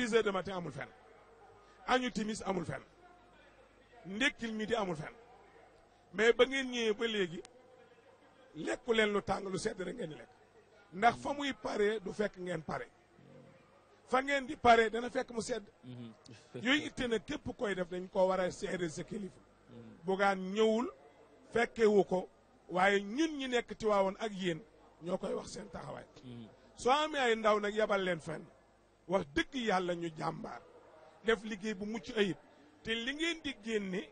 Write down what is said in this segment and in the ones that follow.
dix heures de matin amul fenn añu timis amul fen ndékkil midi amul fenn mais ba ngeen ñëwee ba léegi lekku leen lu tàng lu sedd rek ngeen lekk ndax fa muy paree du fekk ngeen pare fa ngeen di pare dana fekk mu sedd mm-hmm. yooyu itte na képp koy def dañ koo war a sa kilifa bugaan ñëwul fekkewu ko waaye ñun ñi nekk ci waawoon ak yéen ñoo koy wax seen taxawaay mm-hmm. soo amee ay ndaw nag leen fen wax dëgg yàlla ñu jàmbaar def liggéey bu mucc ayib te li ngeen di génne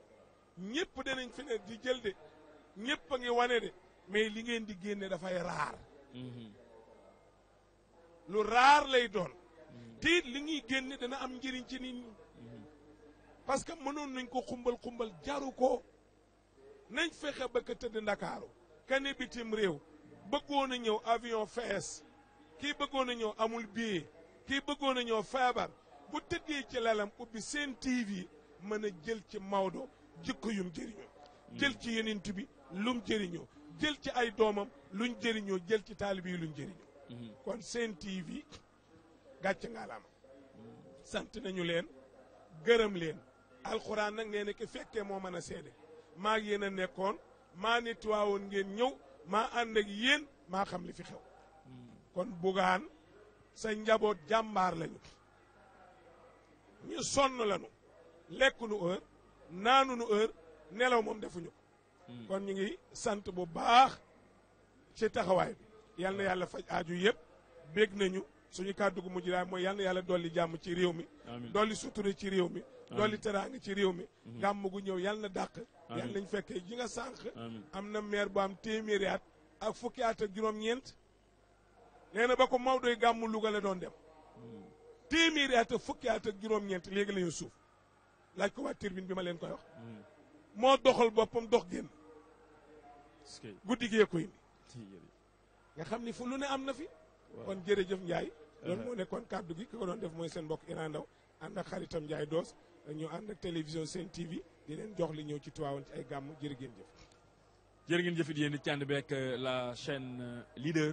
ñëpp danañ fi ne di jël de ñëpp a ngi wane de mais li ngeen di génne dafay raar mhm. lu raar lay doon mhm. te it li ñuy génne dana am njëriñ ci nit ñi mhm. parce que mënoon nañ ko xumbal xumbal jaru ko nañ fexe ba ka tëdd ndakaaru kane bitim réew bëggoon a ñëw avion fees kii bëggoon ñëw amul billet kii bëggoon a ñëw feebar bu tëddee ci lalam ubbi seen TV mën a jël ci Maodo jikko yum jëriñoo hmm. jël ci yenent bi lum jëriñoo jël ci ay doomam luñ jëriñoo jël ci taalibe yi luñ jëriñoo hmm. kon seen TV gàcc nga laama sant nañu leen gërëm leen alxuraan nag nee na fekkee moo mën a seede maa yéen a nekkoon maa nit waawoon ngeen ñëw maa ànd ak yéen maa xam li fi hmm. kon bugaan sa njaboot jàmbaar lañu ñu sonn lañu lekkunu heure naanunu heure nelaw moom defuñu ko hmm. kon ñu ngi sant bu baax ci taxawaay bi yal na yàlla faj aaju yëpp bég nañu suñu kàddu gu mujj daal mooy yal na yàlla dolli jàmm ci réew mi dolli sutura ci réew mi dolli teraanga ci réew mi hmm. gàmm gu ñëw yal na dàq yal nañ fekkee ji nga sànq am na maire bu am téeméeri at ak fukki ak juróom-ñeent nee na ba ko Maodoy gàmmu Louga la doon dem téeméeri at fukki at ak juróom-ñeent léegi la suuf laaj ko waa tribune bi ma leen koy wax. moo doxal boppam dox génn. guddi gee koy ni nga xam ni fu lu ne am na fi. kon jërëjëf Ndiaye. loolu moo nekkoon kàddu gi ki ko doon def mooy seen mbokk Iran Ndaw ànd ak xaritam Ndiaye Doos ñu ànd ak télévision Sen TV di leen jox li ñëw ci Tiwaawan ci ay gàmm jërë ngeen jëf. jërë ngeen jëf it di ci ànd beeg euh, la chaîne euh, leader.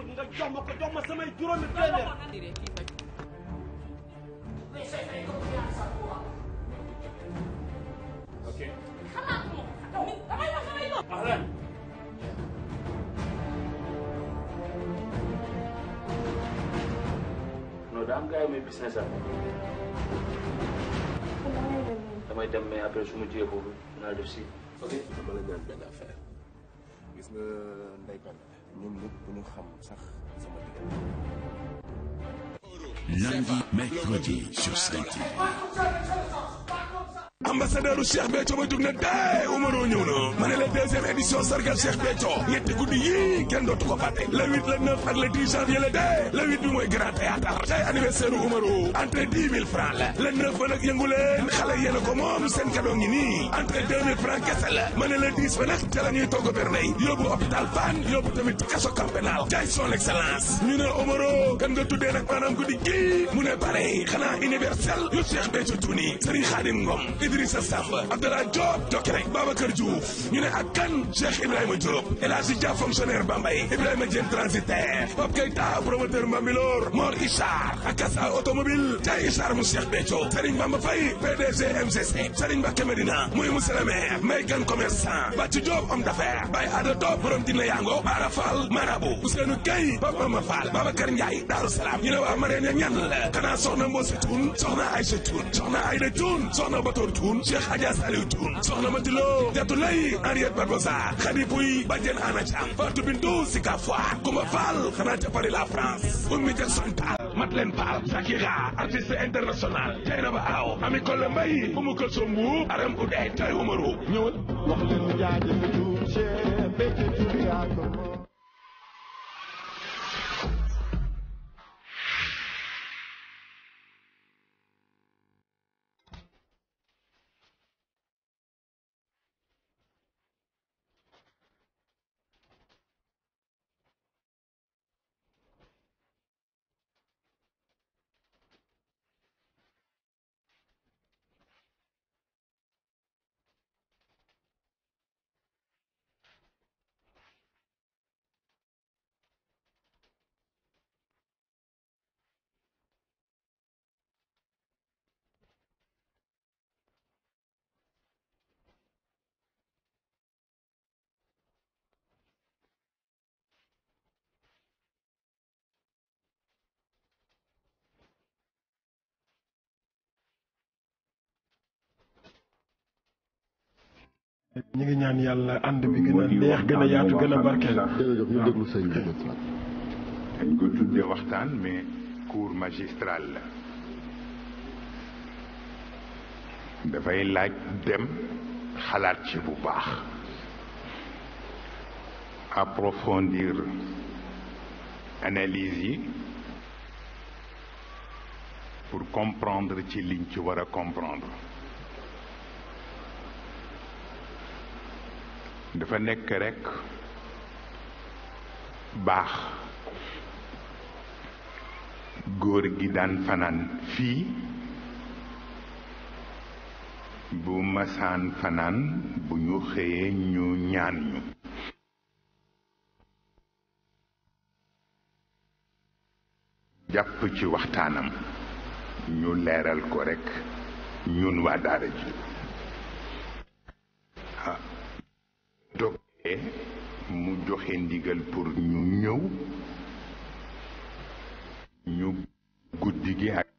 bëgg nga jox ma ko jox ma samay juróomi téeméer. ok. xalaat moom. non daa am gars yi muy business am. damay dem mais après su ma jiyee foofu naa def si. ok dama la ñaan benn affaire gis nga Ndeye Penda. ñoom ñëpp bu ñu xam lundi mercredi sur Sen ambassadeur Cheikh beto ba jug na tey Umaroo ñew na ma la deuxième édition sargal Cheikh beto ñet guddi yi kenn dootu ko faté le 8 le 9 ak le 10 janvier le tey le 8 bi moy grand théâtre tay anniversaire u entre 10000 francs la le 9 nak yengulé xalé yéna ko mom sen cadeau ngi ni entre 2000 francs kese la ma ne 10 ba nak té la ñuy togg bernay yóbbu hôpital fan yóbbu tamit kasso camp tay son excellence ñu né Umaroo kan nga tuddee nak manam guddi gii mu né pare xana universel yu Cheikh beto tuni Serigne Khadim Ngom Idrissa a Abdoulaye Diop Dokrek Babacar Diouf ñu ne ak kan Cheikh Ibrahima Diop El Hadji Dia fonctionnaire Bambey Ibrahima Dieng transitaire Pape Keita promoteur Mambilor Mor Ishar Akasa automobile Dia Ishar mu Cheikh Béthio Serigne Bamba Faye PDG MCC Serigne Mbacké Medina muy monsieur le maire may gan commerçant Bathie Diop Top borom dina yango Bara Fall marabu Ousseynou Gueye Papa Ma Fall Babacar Ndiaye Darou Salam ñu ne waa Marène ñan la xanaa soxna Mbose Thioune soxna Aïcha Thioune Thioune Cheikh Adja Saliou Thioune soxna Mati Lo Jatu Lay Henriette Barbosa Khady Pouy Badiane Anna Thiam Fatou Bintou Sika Foire Coumba Fall xanaa ca Paris la France Oumy Jackson Tall Madeleine Pall Shakira artiste international Dieynaba Aw Ami Kolle Mbaye Oumou Kalsoum Mbuub Aram Oudé tay Oumar Oub ñi ngi ñaan yàlla ànd bi gën a neex gën a yaatu gën a barkeel. jërëjëf ñu déglu sëñ bi. dañ ko tuddee waxtaan mais cours magistral la. dafay laaj dem xalaat ci bu baax. approfondir analyse yi pour comprendre ci liñ ci war a comprendre. dafa nekk rekk baax góor gi daan fanaan fii bu masaan fanaan bu ñu xëyee ñu ñaan ñu jàpp ci waxtaanam ñu leeral ko rekk ñun waa daara ji E mu joxe ndigal pour ñu ñëw ñu guddi gi ak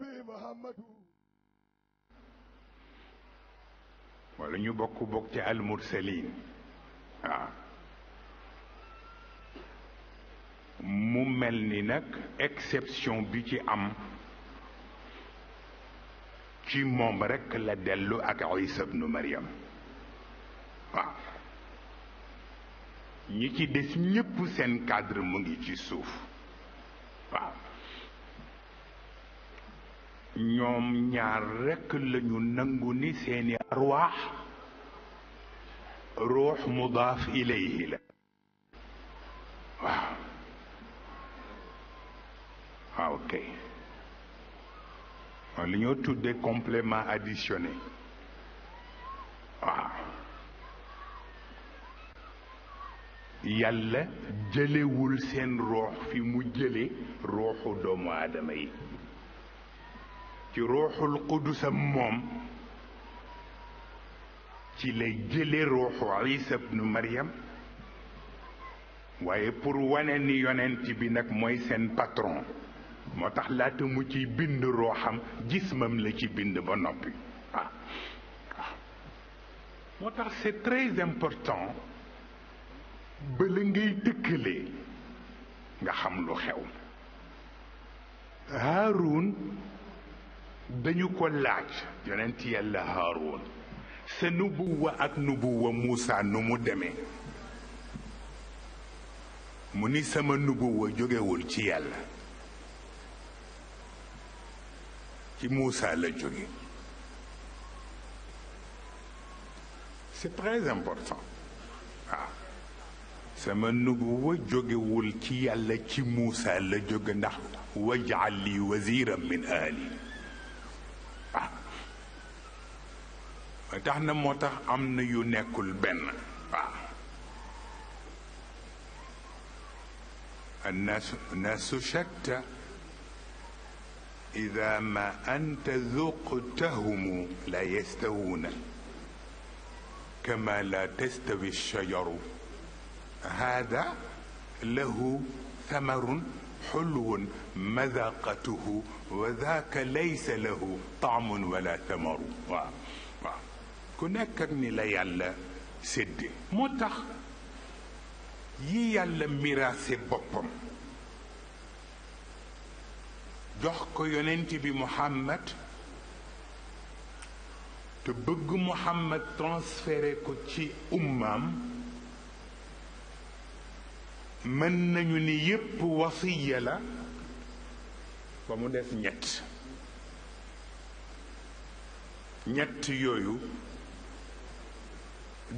nabi wala ñu bokk bokk ci almursalin waaw ah. mu mel ni nag exception bi ci am ci moom rekk la dellu ak isa bnu mariam waaw ñi ci des ñépp seen cadre mu ngi ci suuf ñoom ñaar rekk lañu nangu ni seeni arwaax ruux mudaaf ilayhi la waaw waaw ah, kay waaw li ñoo tuddee complément additionné waaw yàlla jëlewul seen ruux fi mu jële ruuxu doomu aadama yi ci ruuxul am moom ci lay jële ruuxu isa bnu maryam waaye pour wane ni yonent bi nag mooy seen patron moo tax laata mu ciy bind ruuxam jismam la ci bind ba noppi waaw moo tax c'est très important ba la ngay tëkkalee nga xam lu xew Haarun dañu ko laaj yonent yàlla haaroon sa nubuwa ak nubuwa Muusa nu mu demee mu ni sama nubuwa jógewul ci yàlla ci Muusa la jóge c'est très important waaw sama nubuwa jógewul ci yàlla ci Muusa la jóge ndax wajal li waziran min ahli ba tax na نيو tax بن الناس الناس شتى إذا ما أنت ذقتهم لا يستوون كما لا تستوي الشجر هذا له ثمر حلو مذاقته وذاك ليس له طعم ولا ثمر واو. ku ak ni la yàlla séddi moo tax yi yàlla miraase boppam jox ko yonent bi muhammad te bëgg muhammad transféré ko ci ummaam mën nañu ni yépp wasiya la ba mu des ñett ñett yooyu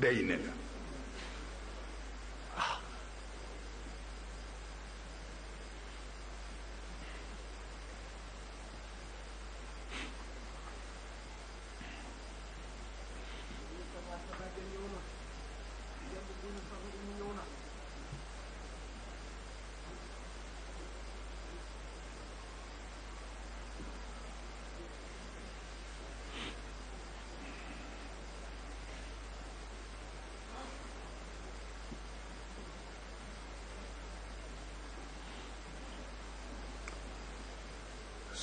deyni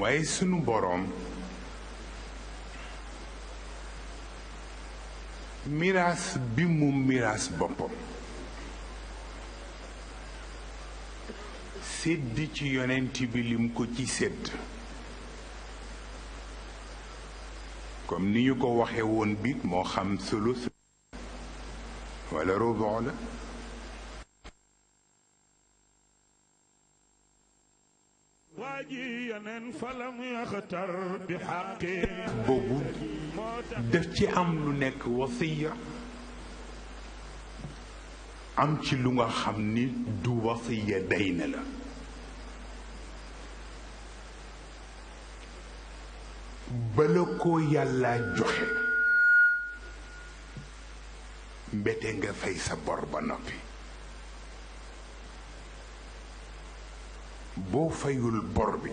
waaye sunu boroom miraas bi mu miraas boppam sédd ci yonent bi lim ko ci sédd comme ni ñu ko waxe woon biit moo xam sulus wala rubu la فلم يختر بحق بوبو داف ام لو نيك وصيا ام سي لوغا خامني دو وصيا دين لا بلوكو يالا جوخي mbete nga fay sa bor ba noppi boo fayul bor bi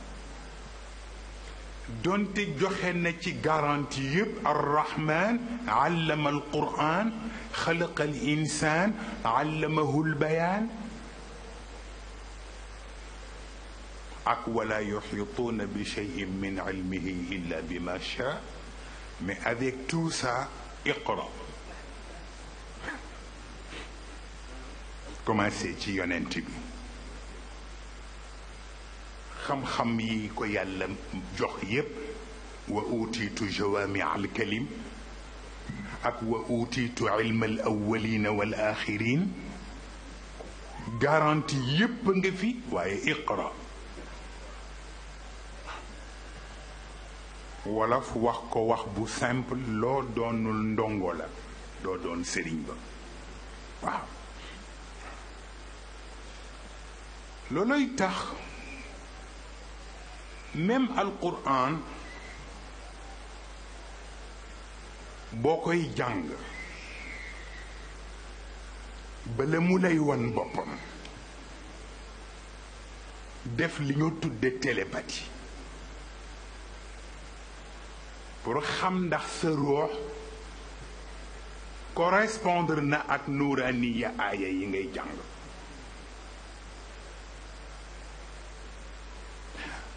دونتي جوخنا تي غارانتي الرحمن علم القران خلق الانسان علمه البيان اك ولا يحيطون بشيء من علمه الا بما شاء مي افيك تو سا اقرا كما سيتي يونتي xam-xam yi ko yàlla jox yépp wa utiitu jawaami alkalim ak wa utiitu ilma al awalina wal axirin garanti yépp nga fi waaye iqra wolof wax ko wax bu simple loo doonul ndongo la doo doon sëriñ ba waaw looloy tax même alquran boo koy jàng bala mu lay won boppam def li ñu tudde télépathie pour xam ndax sa ruux correspondre na ak nuuraaniya aaya yi ngay jàng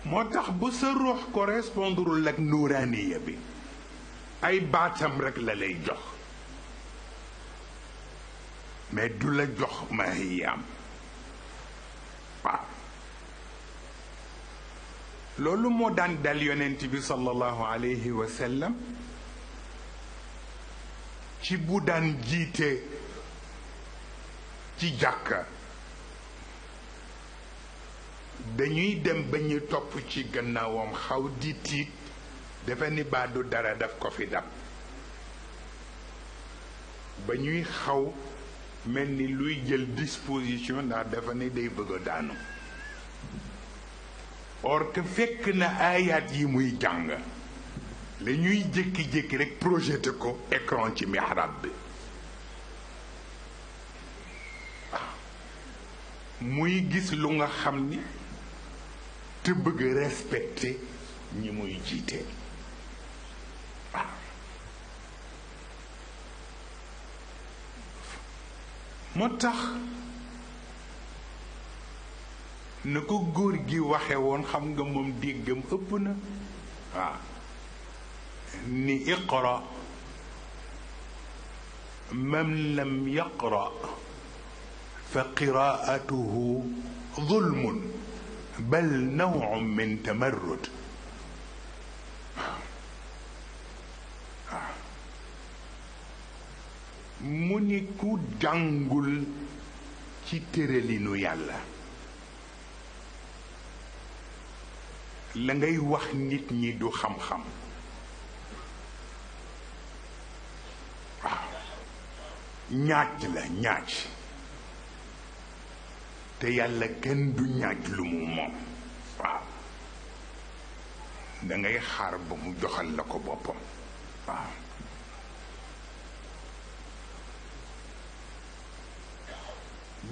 moo tax bu sa ruux correspondrul ak nuuraaniya bi ay baatam rekk la lay jox mais du la jox mahiyaam waaw loolu moo daan dal yonent bi sallallahu alayhi wa ci bu daan jiite ci jàkka dañuy dem ba ñu topp ci gannaawam xaw di tiit dafa ni baadu dara daf ko fi dab ba ñuy xaw mel ni luy jël disposition ndax dafa ni day bëgg a daanu or que fekk na aayaat yi muy jàng la ñuy jékki-jékki rek projeté ko écran ci mihrab bi muy gis lu nga xam ni te bëgg respecté ñi muy jiite waaw moo tax na ko góor gi waxe woon xam nga moom déggam ëpp na waaw ni iqra man lam yaqra fa qiraatuhu dhulmun bal naw min tamarrud mu ni ku jàngul ci tëralinu yàlla la ngay wax nit ñi du xam-xam ñaaj la ñaaj te yàlla kenn du ñaaj lu mu moom waaw dangay xaar ba mu joxal la ko boppam waaw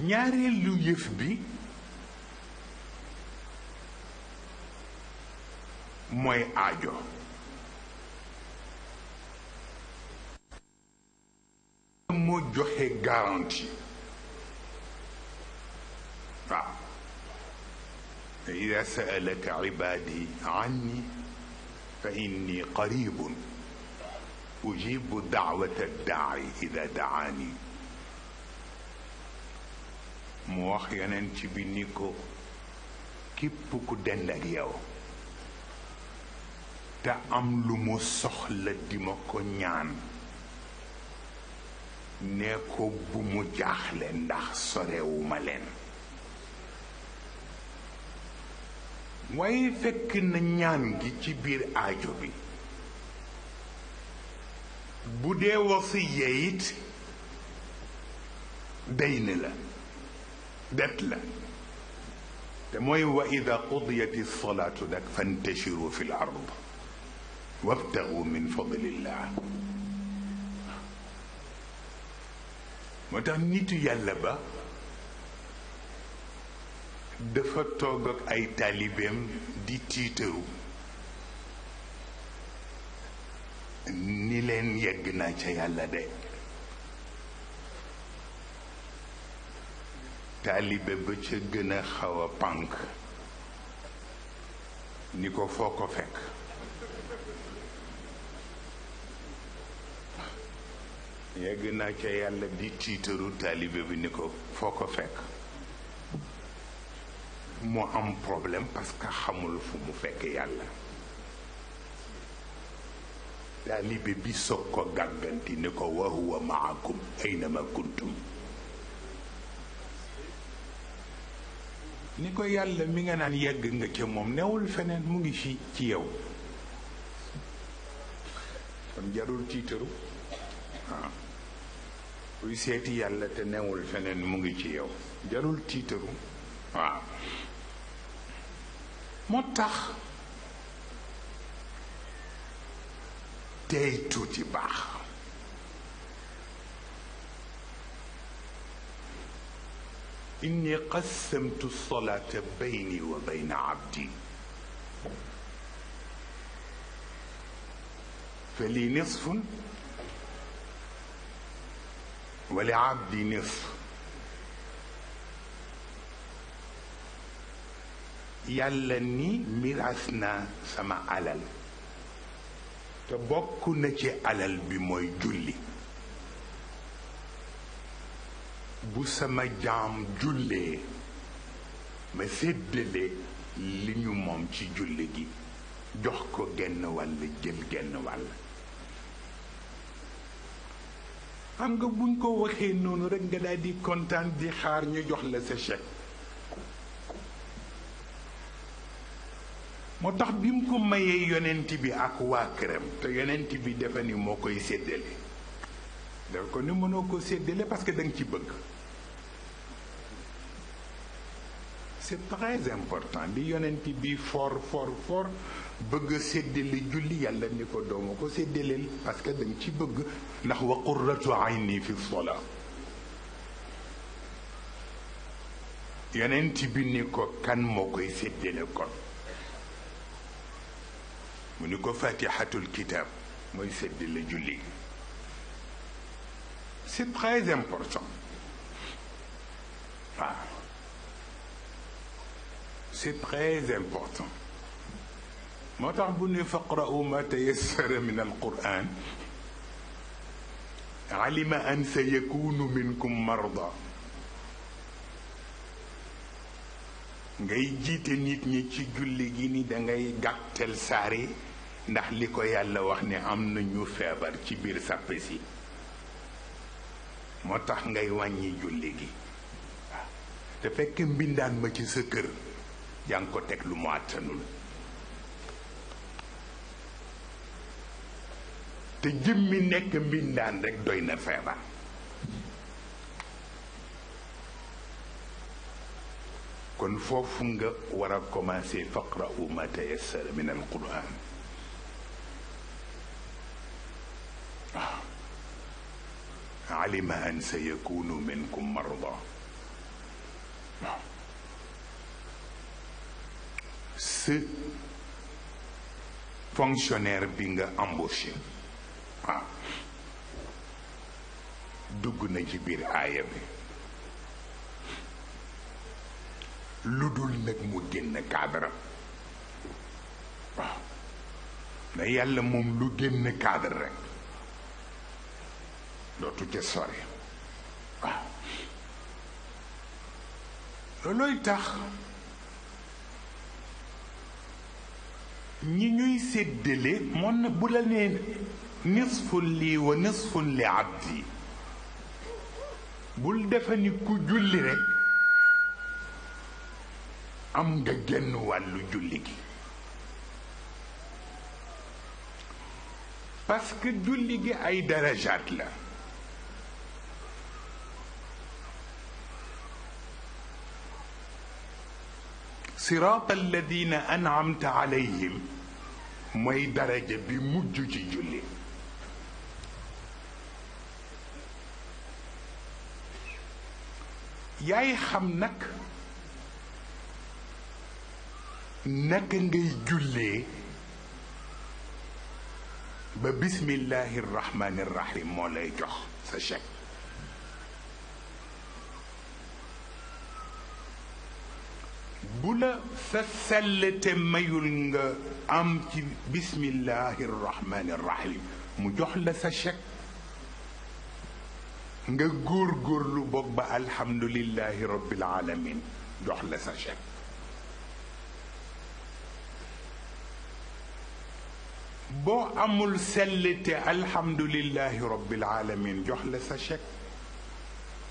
ñaareelu yëf bi mooy aajo moo joxe garantie فإذا نعم. سألك عبادي عني فإني قريب أجيب دعوة الداعي إذا دعاني موخيا ننتي بنيكو كيبوك دنك يو تأمل مصخ لديمك نيان نيكو بمجاخ لندخ سريو ملين waaye fekk na ñaan gi ci biir aajo bi bu dee wasiya yeyit dayn la det la te mooy wa ida qudiyat alsalaatu nag fantashiru fi lard wabtagu min fadlillah moo tax nitu yàlla ba dafa toog ak ay taalibeem di tiitaru ni leen yegg naa ca yàlla de taalibe ba ca gëna a xaw a pànk ni ko foo ko fekk yegg naa ca yàlla di tiitaru taalibe bi ni ko foo ko fekk moo am problème parce que xamul fu mu fekk yàlla taalibe bi soog ko gàgganti ni ko wa huwa maakum aynama kuntum ni ko yàlla mi nga naan yegg nga ca moom newul feneen mu ngi fii ci yow kon jarul tiitaru waaw ah. kuy seeti yàlla te newul feneen mu ngi ci yow jarul tiitaru waaw ah. tax tey tuuti baax إني قسمت الصلاة بيني وبين عبدي فلي نصف ولعبدي نصف yàlla ni miraas naa sama alal te bokk na ci alal bi mooy julli bu sama jaam jullee ma séddale li ñu moom ci julli gi jox ko genn wàll jël genn wàll xam nga buñ ko waxee noonu rekk nga daal di kontaan di xaar ñu jox la sa chèque moo tax bi mu ko mayee yonent bi ak waa këram te yonent bi dafa ni moo koy séddale daf ko ni mënoo ko séddale parce que da ci bëgg c'est très important di yonent bi fort fort fort bëgg a séddale julli yàlla ni ko dooma ko séddaleel parce que da ci bëgg ndax wa qurratu ayni fi sola yonent bi ni ko kan moo koy séddale kon منكو فاتحة الكتاب ما يسد لجلي سي تريز امبورتون سي تريز امبورتون ما تعبوني فقرأوا ما تيسر من القرآن علم أن سيكون منكم مرضى جاي جيت نيت ني سي جولي جي ني داغي ndax li ko yàlla wax ne am na ñu feebar ci biir sàppe si moo tax ngay wàññi julli gi te fekk mbindaan ma ci sa kër yaa ngi ko teg lu mu àttanul te jëmmi nekk mbindaan rekk doy na feebar kon foofu nga war a commencé faqra'u ma tayassara min al-Qur'an علم أن سيكون منكم مرضى ce fonctionnaire bi nga embauché ah dugg na ci biir aaya bi lu dul nag mu génn cadre waaw na yàlla moom lu génn cadre rek dootu ca sori waaw ah. loolooy tax ñi ñuy séddale moom na bu la nee nisfun lii wa nisfun li abdi bul defe ni ku julli rekk am nga genn wàllu julli gi parce julli gi ay darajaat la صراط الذين انعمت عليهم مي درجه بمجج جلي يا خم نك نك نجي ببسم الله الرحمن الرحيم مولاي جخ سشك bu la sa sellte mayul nga am ci bismillahi rrahmani rrahim mu jox la sa ba alhamdulillahi rabbil alamin jox la sa chèque boo amul sellte alhamdulillahi rabbil alamin jox la sa chèque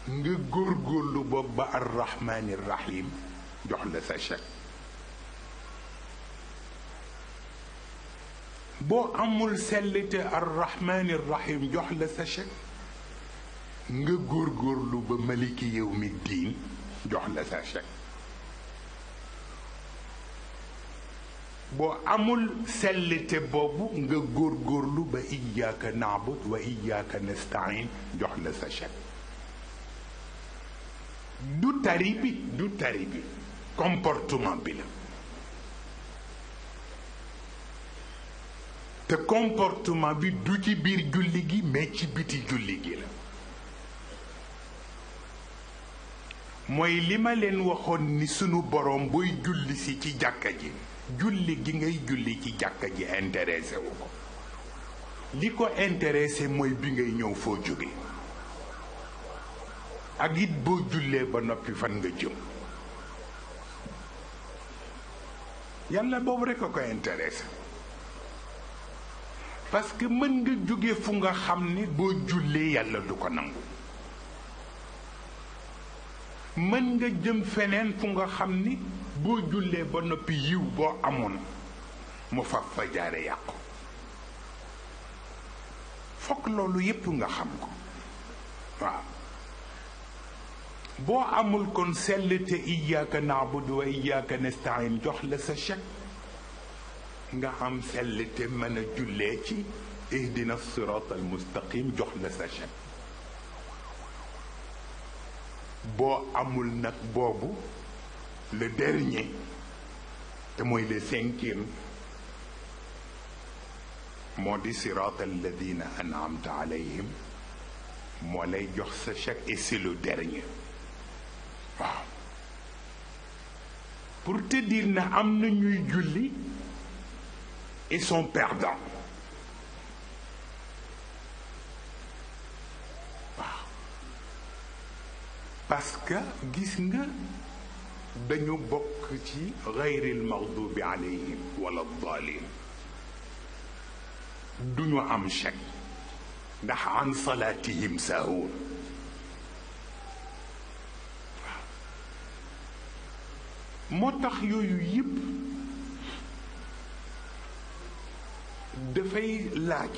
nga góorgóorlu boog ba arrahmani rrahim jox la sa chèque boo amul sellite arrahmani rahim jox la sa chèque nga góorgóorlu ba maliki yow mi diin jox la sa chèque boo amul sellite boobu nga góorgóorlu ba iyaaka naabut wa iyaaka nastain jox la sa chèque du tari bi du tari bi comportement bi la te comportement bi du ci biir julli gi mais ci biti julli gi la mooy li ma leen waxoon ni sunu boroom buy jullisi ci jàkka ji julli gi ngay julli ci jàkka ji intéressé wu ko li ko intéressé mooy bi ngay ñëw foo jóge ak it boo jullee ba noppi fan nga jëm yàlla boobu rek a ko intéressé parce que mën nga jóge fu nga xam ni boo jullee yàlla du ko nangu mën nga jëm feneen fu nga xam ni boo jullee ba noppi yiw boo amoon mu faf fa jaare yàqu fokk loolu yépp nga xam ko waaw bo amul kon sell iyyaka na'budu wa iyyaka nastain jox la sa chèque nga am sell man mën a jullee ci ihdina sirat al mustaqim jox la sa chèque bo amul nak bobu le dernier te moy le cinquième moo di sirat alladhina anamta alayhim moo lay jox sa chèque et c'est le dernier waaw pour te dire na am na ñuy julli ils sont perdants parce que gis nga dañu bokk ci gayril maxdubi alayhim wala dalim duñu am chèque ndax an salatihim sahuun motax yoyu yep yëpp fay laaj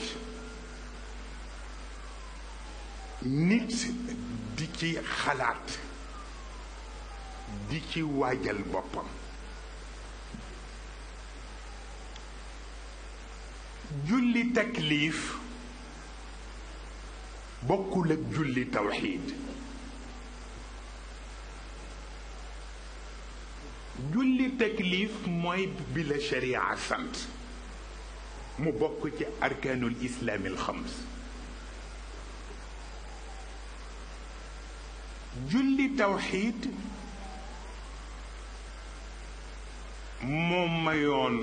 nit di ci xalaat di ci waajal bopam julli taklif bokku lek julli tawhid julli taklif mooy bi la sharia sant mu bokk ci arkanul islam islaami alxams julli tawxiid moom mayoon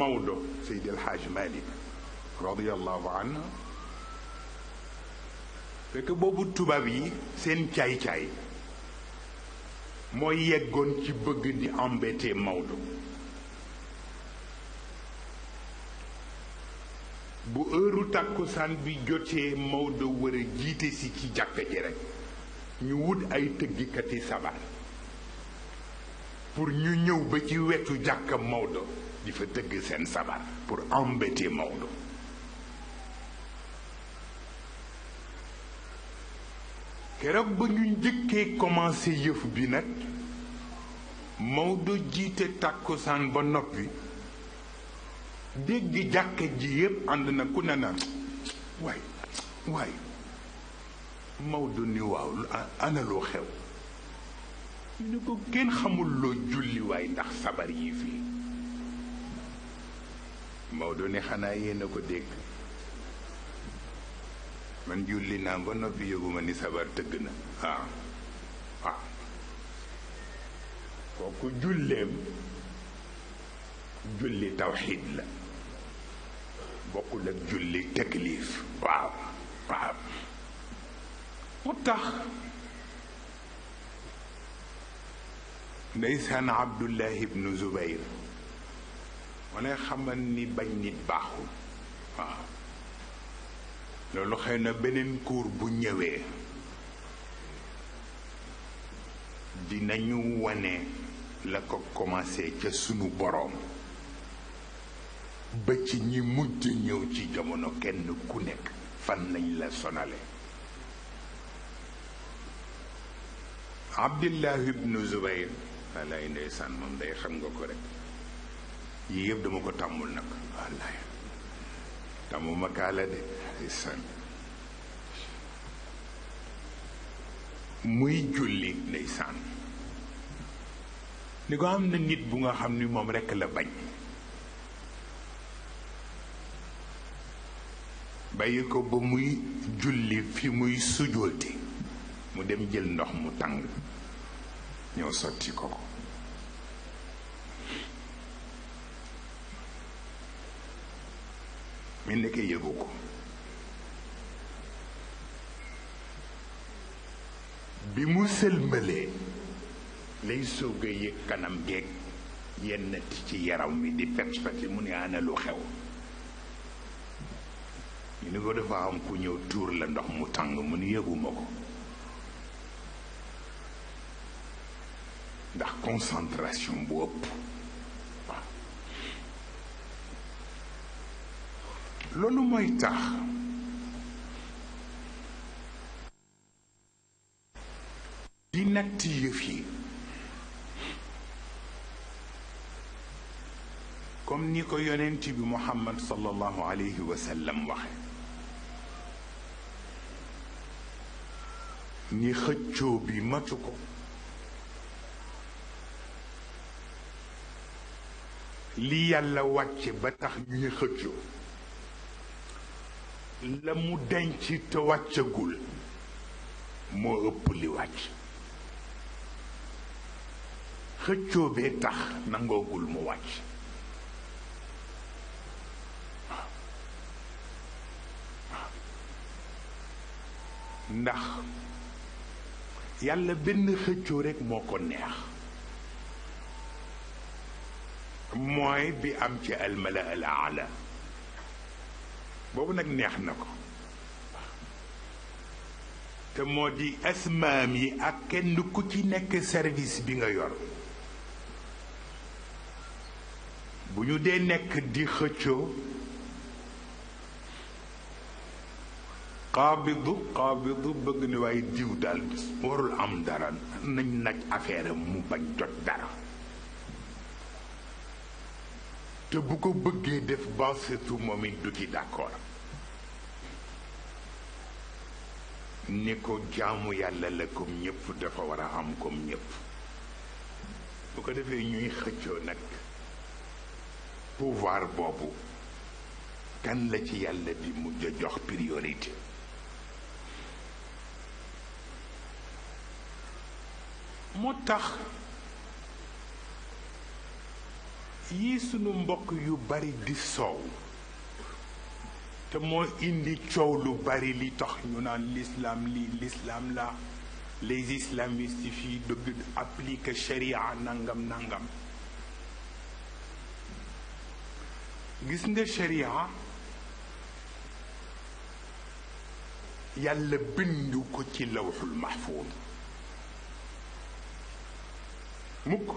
mawdo seydi alxaaj malik radiallahu anhu fekk boobu tubaab yi seen caay-caay mooy yeggoon ci bëgg di embêté Maodo bu heure tàkkusaan bi jotee Maodo war jiite si ci jàkka ji ñu wut ay tëggikati sabar pour ñu ñëw ba ci wetu jàkka Maodo di fa tëgg seen sabar pour embêté Maodo keroog ba ñu njëkkee commencé yëf bi nag Maodo jiite tàkkusaan ba noppi dégg jàkka ji yépp ànd na ku ne na waay waay Maodo ni waaw ana loo xew ñu ne ko kenn xamul loo julli waay ndax sabar yi fii Maodo ni xanaa yéen ko dégg man julli naa ba noppi yëguma ni sabar tëgg na waaw waaw kooku julleem julli tawxid la bokkul ak julli taklif waaw waaw mu tax ndeysaan abdullahi ibnu zubayr ma lay xamal ni bañ nit baaxul waaw loolu xëy na beneen cours bu ñëwee dinañu wane la ko commencé ca sunu boroom ba ñi mujj ñëw ci jamono kenn ku nekk fan nañ la sonale Abdullah ibnu Zubayr wallaay ndeysaan moom day xam nga ko rek yii yëpp dama ko tàmmul nag tamuma kaala de muy julli ndeysaan ni ko am na nit bu nga xam ni moom rekk la bañ bàyyi ko ba muy julli fi muy sujoote mu dem jël ndox mu tàng ñëw sotti ko ko mais ndeke yëgu ko bi mu sëlmalee lay soog a yëg kanam geeg yennati ci yaram wi di pepspati mu ne ana lu xew ñu ni ko dafa am ku ñëw tuur la ndox mu tàng mu ni ko ndax concentration bu ëpp loolu mooy tax di natt yëf yi comme ni ko yonent bi muhammad sallallahu alayhi wa sallam waxe ni xëccoo bi matu ko li yàlla wàcce ba tax ñuy xëccoo la mu denc te wàccagul moo ëpp li wàcc xëccoo bee tax nangoogul mu wàcc ndax yàlla benn xëccoo rekk moo ko neex mooy bi am ci almala al aala boobu nag neex na ko te moo di asmaam yi ak kenn ku ci nekk service bi nga yor bu ñu dee nekk di xëccoo xaabidu xaabidu bëgg ni waaye diw daal warul am dara nañ nag affaire mu bañ jot dara te bu ko bëggee def bansetu moom it du ci d'accord ni ko jaamu yàlla la comme ñëpp dafa war a am comme ñëpp bu ko defee ñuy xëccoo nag pouvoir boobu kan la ci yàlla di mujj a jox priorité moo tax yi sunu mbokk yu bari di soow te moo indi coow lu bari li tax ñu naan l'islam lii l'islam la les islamistes fii dëgg appliquer sharia nangam nangam gis nga sharia yàlla bindu ko ci lawxul mahfuud mukk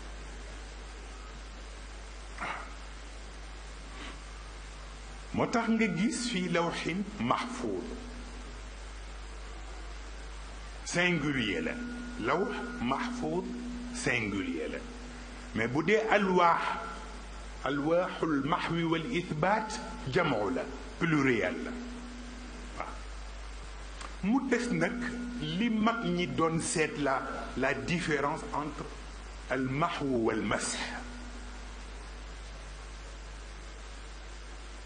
motax nga gis fi lawhin mahfoud singulier la lawh mahfoud singulier la mais الواح المحو والإثبات جمع لا بلوريال لا مدسنك لما ني دون سيت لا لا ديفيرونس انتر المحو والمسح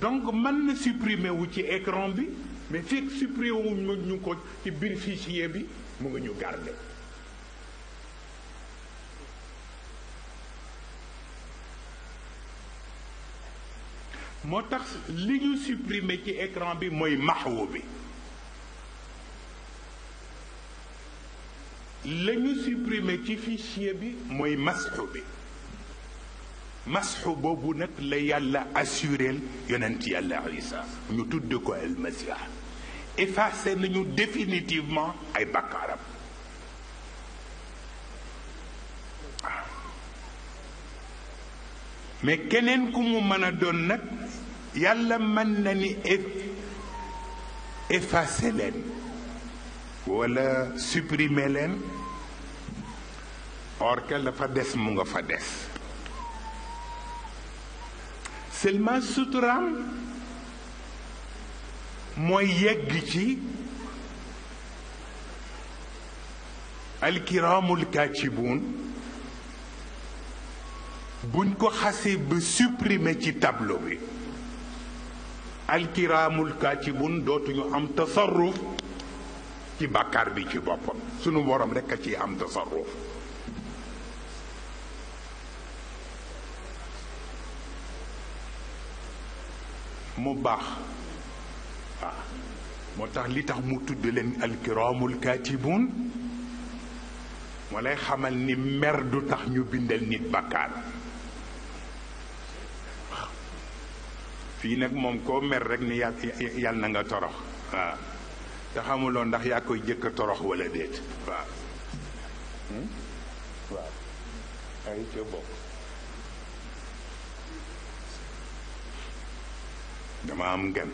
donc man ne supprimer wu ci écran bi mais fekk supprimer ou ñu ko ci bir fichier bi mu ngi ñu garder Motax li ñu supprimer ci écran bi moy mahwu bi la ñu supprimer ci fichier bi moy masxu bi masxu boobu nag la yàlla assureel yonent yàlla isa ñu tudd ko almasih effacé nañu définitivement ay bakkaaram mais keneen ku mu mën a doon nag yàlla mën na ni effacé leen wala supprimer leen or que fa des mu nga fa des seulement suturaam mooy yegg ci alkiraamul kaatibuun buñ ko xasee ba supprimer ci tableau bi alkiraamul kaatibuun dootuñu am tasarruf ci bàkkaar bi ci boppam sunu borom rekk a ci am tasarruf mu baax waaw moo tax li tax mu tudd leen alkiraamul kaatibuun moo lay xamal ni mer du tax ñu bindal nit bàkkaar waaw fii nag moom koo mer rek ni yàlla na nga torox waaw te xamuloo ndax yaa koy jëkk a torox wala déet waaw waaw ay ca bokk dama am gan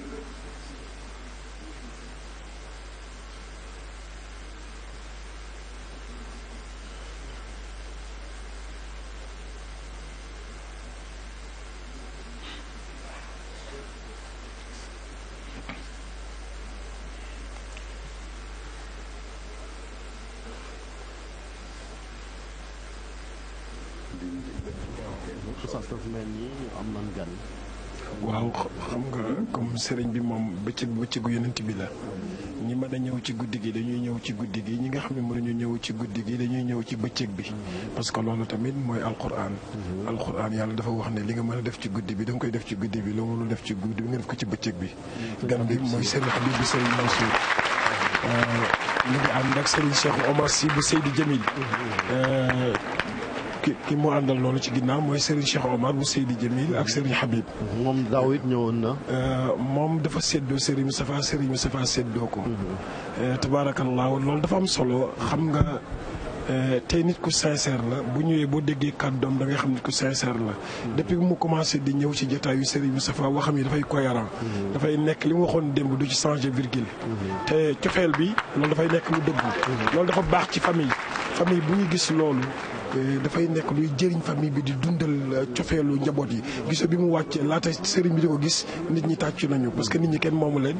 moom sëriñ bi moom bëccëg bëccëgu yonent bi la ñi mën a ñëw ci guddi gi dañuy ñëw ci guddi gi ñi nga xam ne ñu ñëw ci guddi gi dañuy ñëw ci bëccëg bi parce que loolu tamit mooy alquran alquran yàlla dafa wax ne li nga mën a def ci guddi bi da koy def ci guddi bi loo mënul def ci guddi bi nga def ko ci bëccëg bi gan bi mooy sëriñ Habib bi sëriñ Mansour ñu euh, ngi ànd ak sëriñ Cheikh Omar Sy bu Seydi Jamil euh, ki ki àndal loolu ci ginnaaw mooy Serigne Cheikh Omar bu Seydi Jamil ak Serigne Habib. moom daaw it ñëwoon na. Euh, moom dafa séddoo Serigne Moustapha Serigne Moustapha séddoo ko. Euh, tabaarakallaahu loolu dafa am solo xam nga. Euh, tey nit ku sincère la bu ñëwee boo déggee kàddoom da ngay xam nit ku sincère la depuis mu commencé di ñëw ci jotaayu Serigne Moustapha waxam yi dafay cohérent dafay nekk li mu waxoon démb du ci sangé virgule te cofeel bi loolu dafay nekk lu dëgg loolu dafa baax ci famille famille bu ñu gis loolu Eh, dafay nekk luy jëriñ famille bi di dundal eh, cofeelu njaboot yi gisoo bi mu wàcc laata sëriñ bi di ko gis nit ñi tàccu nañu parce que nit ñi kenn moomu leen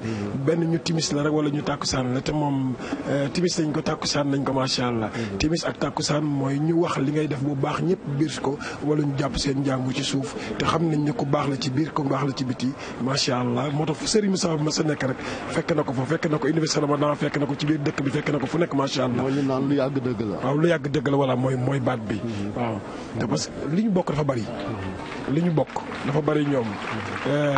benn ñu timis la rek wala ñu tàkkusaan la te moom eh, timis lañ ko tàkkusaan nañ ko macha allah timis ak tàkkusaan mooy ñu wax li ngay def bu baax ñëpp biir ko wala ñu jàpp seen njàngu ci suuf te xam nañ ne ku baax la ci biir ku baax la ci biti macha allah moo tax fu sëriñ Moussa ma sa nekk rek bi waaw te parce que li ñu bokk dafa bari li ñu bokk dafa bari ñoom euh,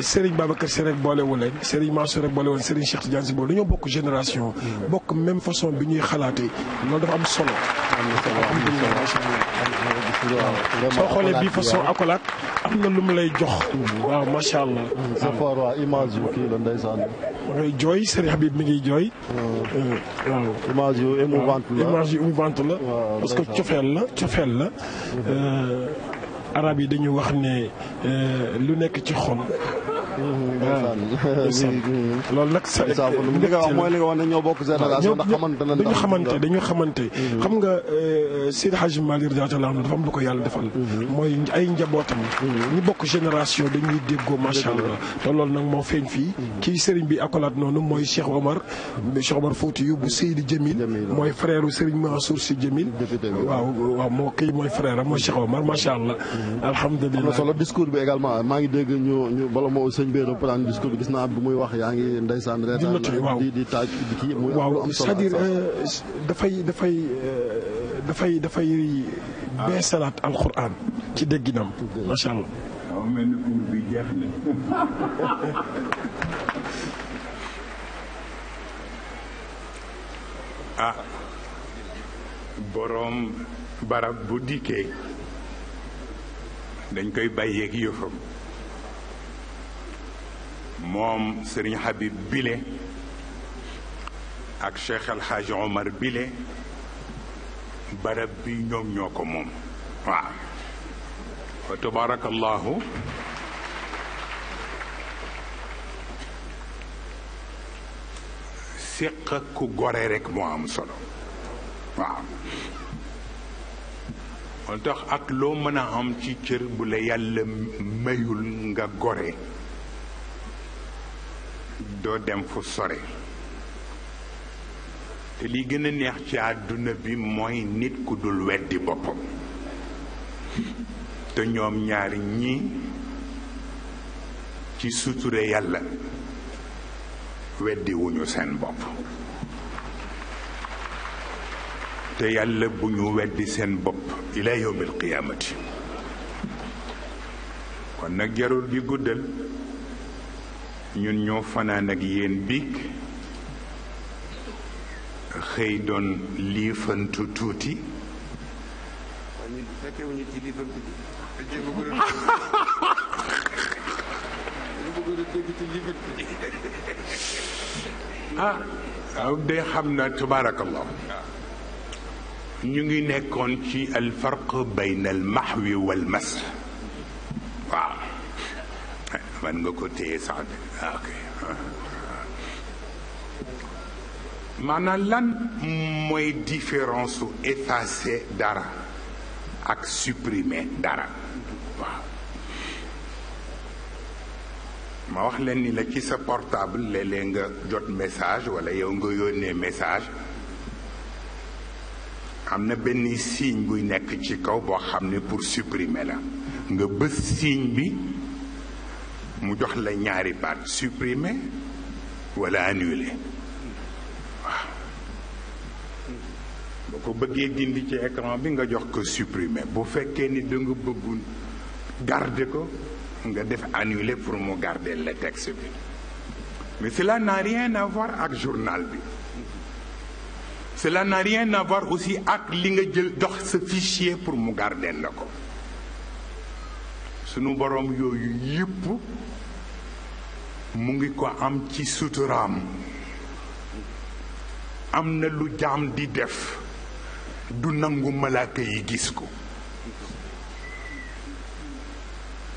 seriñ Babacar Sy rek boole leen Serigne Mansour rek boolewu leen Serigne Cheikh Tidiane Sy boole dañoo bokk génération bokk même façon bi ñuy xalaatee loolu dafa am solo soo xoolee bii façon accolade am na lu mu lay jox. waaw macha allah. sa fort waa image yu kii la ndeysaan. ma ngay jooy Serigne Habib mi ngi jooy. waaw image yu émouvante la image yu émouvante la. parce que cofeel la cofeel la. arab yi dañu wax ne lu nekk ci xol. loolu nag sa li nga wax mooy li nga wax ne ñoo bokk génération ndax xamante na dañu xamante dañu xamante xam nga Seydi Hadji Malick radiyallahu anhu dafa am lu ko yàlla defal moo feeñ fii kii sëriñ bi akolaat noonu mooy Cheikh Omar Cheikh Omar Fouti yu bu Seydi Jamil mooy frère u sëriñ Mansour Sy Jamil waaw waaw moo kii mooy frère maa ngi dégg ñu ñu bala moo sëñ bi reprendre discours bi muy wax yaa ngi ndeysaan reetaan di di taaj di euh, dafay dafay euh, dafay dafay beesalaat alxuraan ci dégginam macha allah mel na ah, bu dikkee dañ koy bàyyeeg yëfam موم سرين حبيب بيلي اك شيخ الحاج عمر بيلي بربي نيوم نيوكو موم وا فتبارك الله سيق كو غوري ريك مو ام سولو وا ولتخ اك لو مانا ام تي كير بولا غوري doo dem fu sore te li gën a neex ci àdduna bi mooy nit ku dul weddi boppam te ñoom ñaari ñi ci suture yàlla weddi seen bopp te yàlla bu ñu weddi seen bopp ila yawmil qiyaamati kon nag jarul gi guddal ñun ñoo fanaan ak yéen big xëy doon liifantu tuuti ah waaw day xam na tabaarakallah ñu ngi nekkoon ci alfarq bayn almahwi walmasr nga côté téye ah, ok maanaam lan moy différence su effacer dara ak supprimer dara waaw ma wax len ni la ci sa portable léeg-léeg nga jot message wala yow nga yone message amna na benn signe buy nek ci kaw bo xam pour supprimer la nga beu signe bi mu jox la ñaari baat supprimer wala annuler waaw boo ko bëggee dindi ci écran bi nga jox ko supprimer bu fekkee ni da nga garder ko nga annuler pour mu garder le texte mais cela n'a rien à voir ak journal cela n'a rien à voir aussi avec li nga jël fichier pour mu garder le ko sunu boroom yooyu yëpp mu ngi ko am ci suturaam am na lu jaam di def du nangu malaaka yi gis ko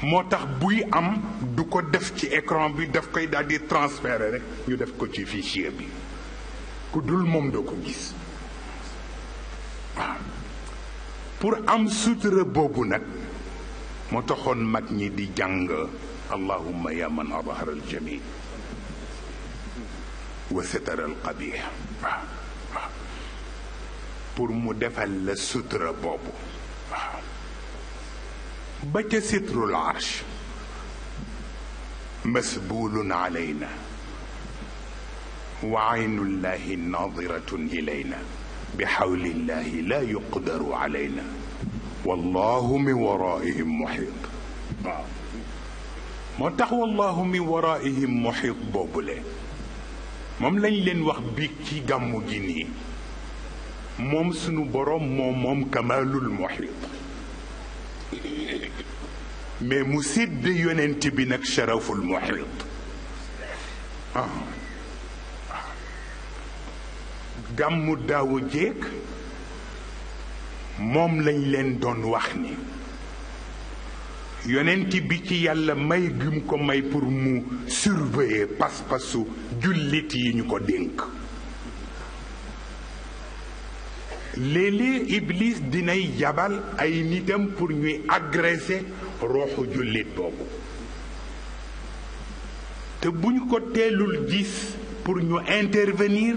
moo tax buy am du ko def ci écran bi daf koy daal di transféré ñu def ko ci fisier bi ku dul moom doo ko gis pour am sutura boobu nag متخون مكني دي ñi اللهم يا من أظهر الجميل وستر القبيح pour mu defal la sutura boobu ba ca sitru sitrul arsh مسبول علينا وعين الله ناظرة إلينا بحول llahi la yuqdaru alayna والله من ورائهم محيط waaw moo tax wallahu min waraihim muhit boobule moom lañ leen wax biig ci gàmmu gi nii moom sunu borom moo moom kamalul muhit mais mu sédd yonent bi nag sharaful muhit ah gàmmu daawu jéeg moom lañ leen doon wax ni yonent bi ci yàlla may gum ko may pour mu surveiller pas-pasu jullit yi ñu ko dénk iblis dinay yabal ay nitam pour ñuy agresser roxu jullit boobu te buñ ko teelul gis pour ñu intervenir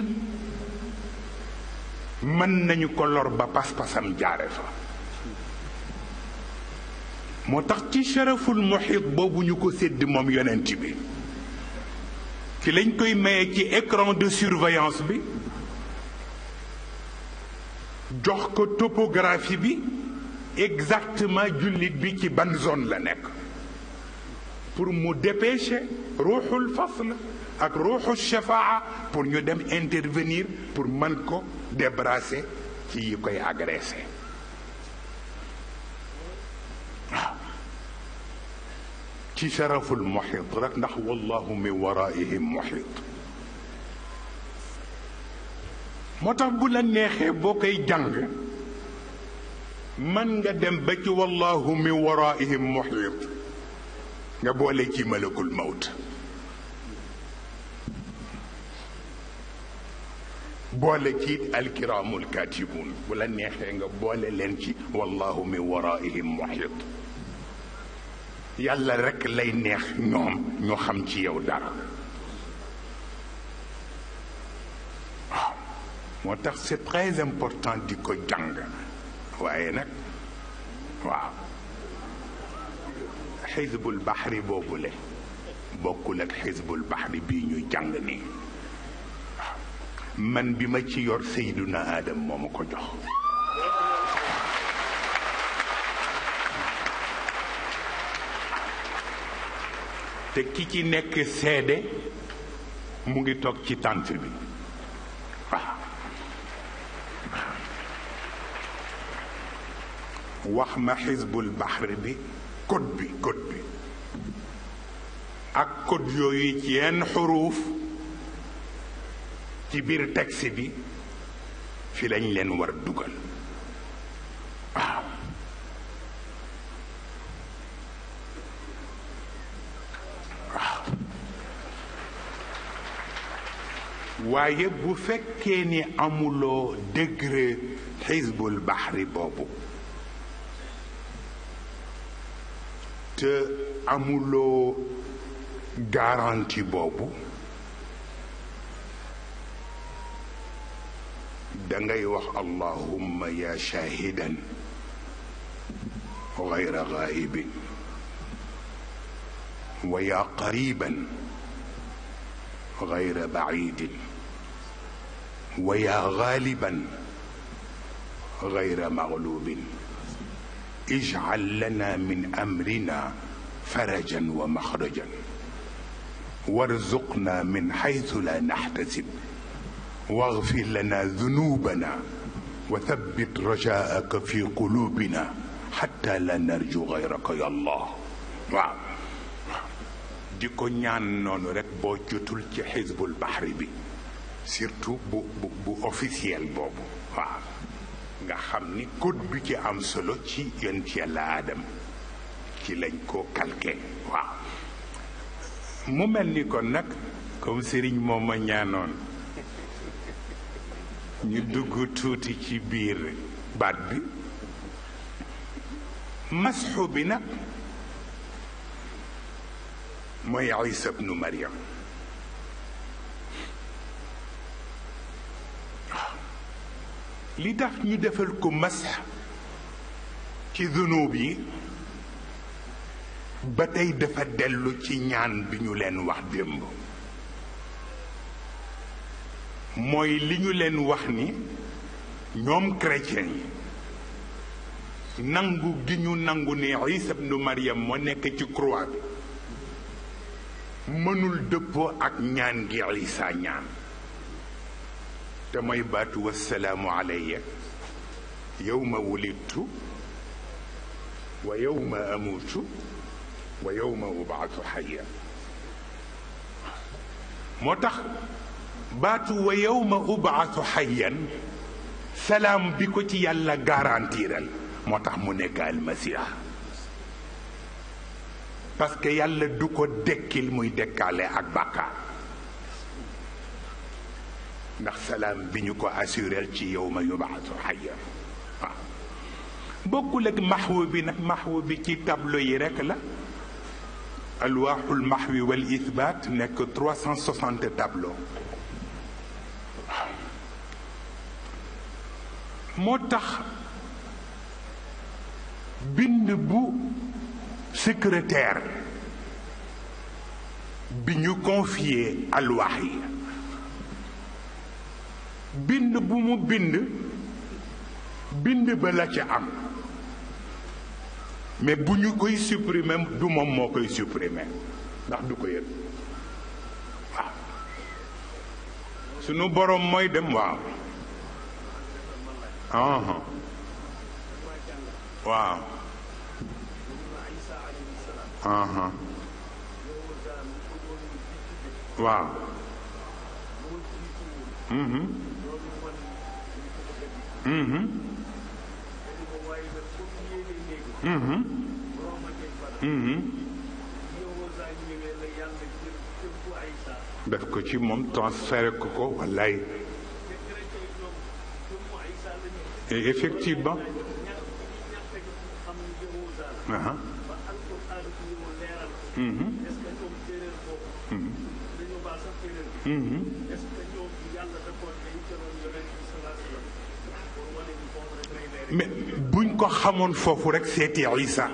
mën nañu ko lor ba pas-pasam jaare fa moo ci sharaful muhit boobu ñu ko sédd écran de surveillance bi topographie exactement jullit bi ci ban zone la pour mu dépêcher fasl ak pour ñu intervenir pour mën débrassé ci yi koy agressé ci saraful muhit rek ndax wallahu min waraihim muhit motax bu la nexé bokay jàng man nga dem ba ci wallahu min waraihim muhit nga bolé ci malakul maut بولكي الكرام الكاتبون ولن يخنق بول لنجي والله من ورائهم محيط يلا رك لي نيخ نوم نخم كي يو دار موتاك سي تريز امبورتان دي كو جانغ وينك واو حزب البحر بوبولي بوكولك حزب البحر بي نيو جانغ نيو man bi ma ci yor Seyduna Adam moo ma jox te ki ci nek seede mu ngi tok ci tànt bi wax ma hizbul bahr bi code bi code bi ak code yooyu ci en huruf ci biir taxi bi fi lañ leen war dugal waaw waaw waaye bu fekkee ni amuloo degré xisbul baxri boobu te amuloo garantie boobu دنجي وح اللهم يا شاهدا غير غائب ويا قريبا غير بعيد ويا غالبا غير مغلوب اجعل لنا من امرنا فرجا ومخرجا وارزقنا من حيث لا نحتسب واغفر لنا ذنوبنا وثبت رجاءك في قلوبنا حتى لا نرجو غيرك يا الله ديكو نيان نون ñaan بو جوتول boo حزب البحر بي سيرتو بو بو, بو اوفيسيال bu officiel nga xamni ni code bi ci am solo ci yoon ci yàlla adam ci lañ ko calqué waaw mu melni kon nak comme serigne moma ñaanoon ñu dugg tuuti ci biir baat bi masxu bi nag mooy Isa bnu Mariam li tax ñu defal ko masx ci dunub yi ba tey dafa dellu ci ñaan bi ñu leen wax démb mooy li ñu leen wax ni ñoom chrétien yi nangu gi ñu nangu ni Isa ibnu Maryam moo nekk ci croix bi mënul dëppoo ak ñaan gi Isa ñaan te mooy baatu wassalaamu alayya yowma wulidtu wa yowma amuutu wa yowma ubaatu xayya moo tax baatu wa yawma ubaatu xayyan salaam bi ko ci yàlla garantiral moo tax mu nekk almasiha parce que yàlla du ko dekkil muy dekkaale ak bàkkaar ndax salaam bi ñu ko assurel ci yawma yubaatu xayyan waaw bokkul ak maxwu bi nag maxwu bi ci tableau yi rek la alwaaxul maxwi wal isbaat nekk 360 tableau moo tax bind bu secrétaire bi ñu confié alwaxi bind bu mu bind bind ba la ca am mais bu ñu koy supprimer du moom moo koy supprimer ndax du ko yëg waaw sunu borom mooy dem waaw waaw waaw mm-hmm. mm-hmm. mm-hmm. def ko ci moom transféré ko ko Et effectivement. Uh -huh. Mm -hmm. Mm -hmm. mais buñ ko xamoon foofu rek seeti Isa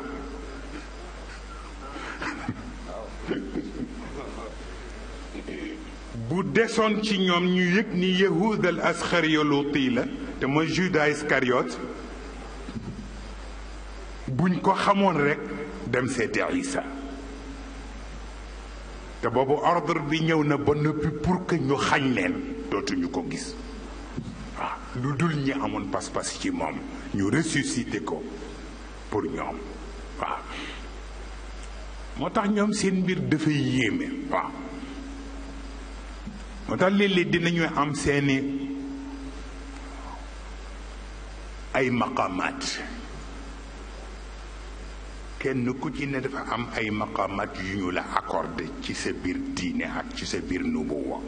bu desoon ci ñoom ñu yëg ni yahud al asxar yoluuti la te mooy Judas Iscariote buñ ko xamoon rekk dem seeti Isa te boobu ordre bi ñëw na ba noppi pour que ñu xañ leen dootuñu ko gis waaw ah, lu dul ñi amoon pas-pas ci moom ñu ressuscité ko pour ñoom waaw ah. moo tax ñoom seen mbir dafay yéeme waaw moo tax léeg-léeg dinañu am seeni اي مقامات كن كوتي ندفع ام اي مقامات جنو لا اكورد تي سبير دين حق تي سبير نبوة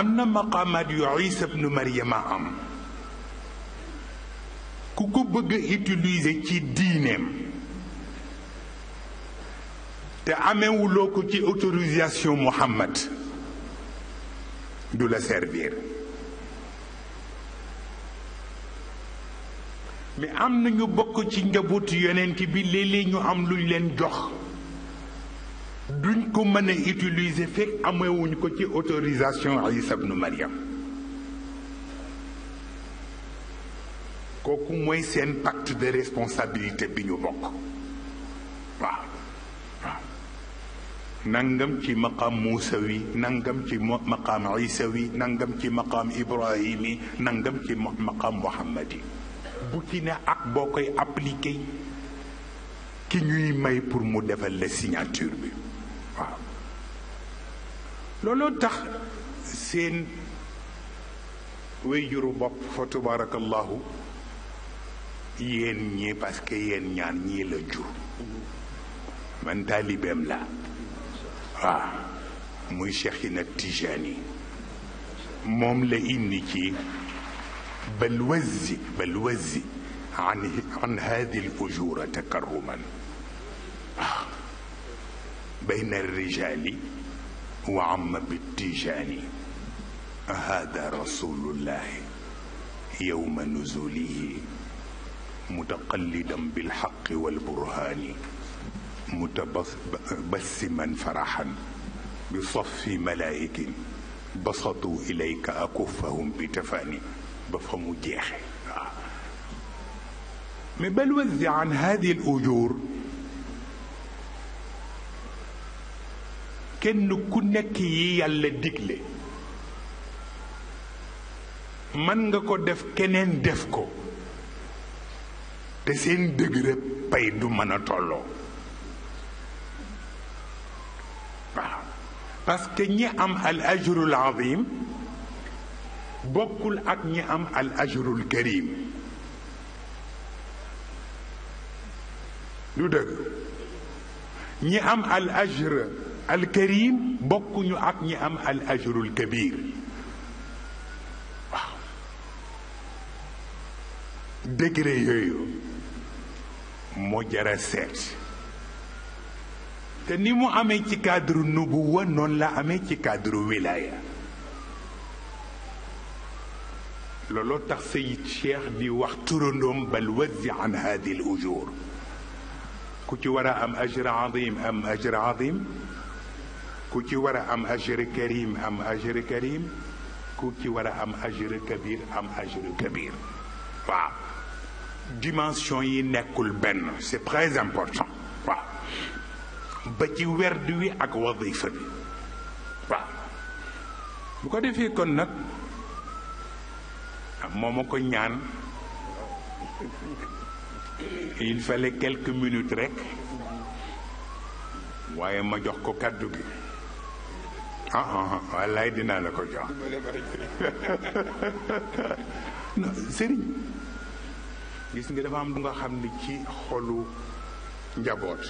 امنا مقامات يعيسى ابن مريم ام كوكو بغ يوتيليز تي دينم تا امين ولوكو تي اوتوريزياسيون محمد دولا سيرفير سيرفير mais am na ñu bokk ci njabootu yonent bi léeg-léeg ñu am luñ leen jox duñ ko mën a utiliser fekk amewuñ ko ci autorisation Isa bnu Mariam kooku mooy seen pacte de responsabilité bi ñu bokk waaw waaw nangam ci maqam Muusa wi nangam ci maqaam Isa wi nangam ci maqam Ibrahim yi nangam ci maqaam Muhammad yi bu ci ne ak boo koy appliqué ki ñuy may pour mu defal la signature bi waaw looloo tax seen way juru bopp fa tabarakallahu yéen ñi parce que yéen ñaar ñii la jur man taalibeem la waaw muy Cheikh na Tijani moom la indi ci بل وزي بل وزي عن عن هذه الأجور تكرما بين الرجال وعم بالتيجان هذا رسول الله يوم نزوله متقلدا بالحق والبرهان متبسما فرحا بصف ملائك بسطوا إليك أكفهم بتفاني بفهمه الداخل من بلوذ عن هذه الأجور كن كنا كي يلا دقلة من غكو دف كنن دفكو تسين دقرة بايدو منا طولو باسكو ني أم الأجر العظيم bokul ak ñi am al ajrul karim lu dëgg ñi am al ajr al karim ñu ak ñi am al ajrul kabir waaw degré yooyu moo jara seet te ni mu amee ci cadre nubuwa non la amee ci cadre wilaya لولو تخ سيد شيخ دي واخترنهم بل وزع عن هذه الأجور كوتي وراء أم أجر عظيم أم أجر عظيم كوتي وراء أم أجر كريم أم أجر كريم كوتي وراء أم أجر كبير أم أجر كبير فا dimension yi nekkul بن سي est très important waaw ba ci werd wi ak wadifa bi waaw bu moo ma ko ñaan il fallait quelques minutes rek waaye ma jox ko kàddu gi ah, ah, ah, wallaay dinaa la ko jox non sëriñ gis nga dafa am lu nga xam ni ci xolu njaboot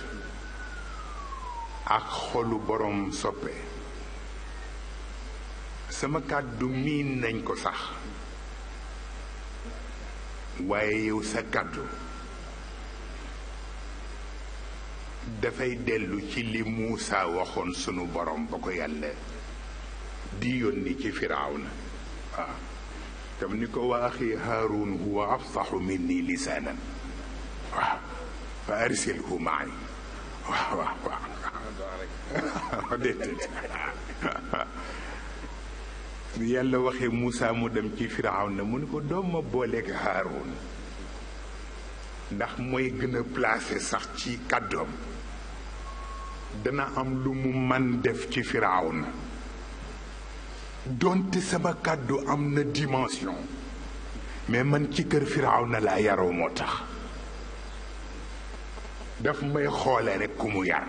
ak xolu borom soppe sama kàddu miin nañ ko sax waaye yow sa kàddu dafay dellu ci li Muusa waxoon sunu borom ba ko yàlla di yónni ci firawna waaw tam ni ko wa axi haarun huwa afsaxu minni lisaanan waaw fa arsilhu maay waaw waaw waaw déedéet bi yàlla waxee Moussa mu dem ci Firawna mu ne ko doom ma booleeg Haaroon ndax mooy gën a placé sax ci kàddoom dana am lu mu man def ci Firawna donte sama kàddu am na dimension mais man ci kër Firawna laa yaroo moo tax daf may xoole rek ku mu yar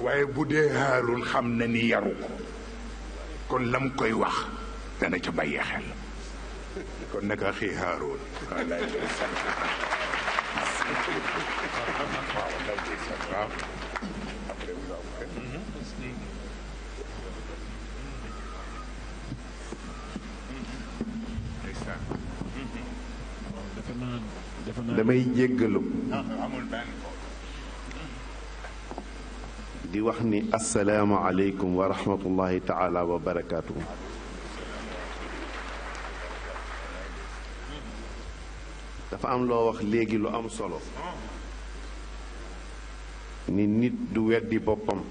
waaye bu dee Haaroon xam na ni yaru ko kon lam koy wax dana ca bàyyi xel kon nag axi Haaroon mm-hmm. damay jéggalu ah, di wax ni asalaamaaleykum wa rahmatullahi taala wa barakaatu. dafa am loo wax léegi lu am solo. ni nit du weddi boppam.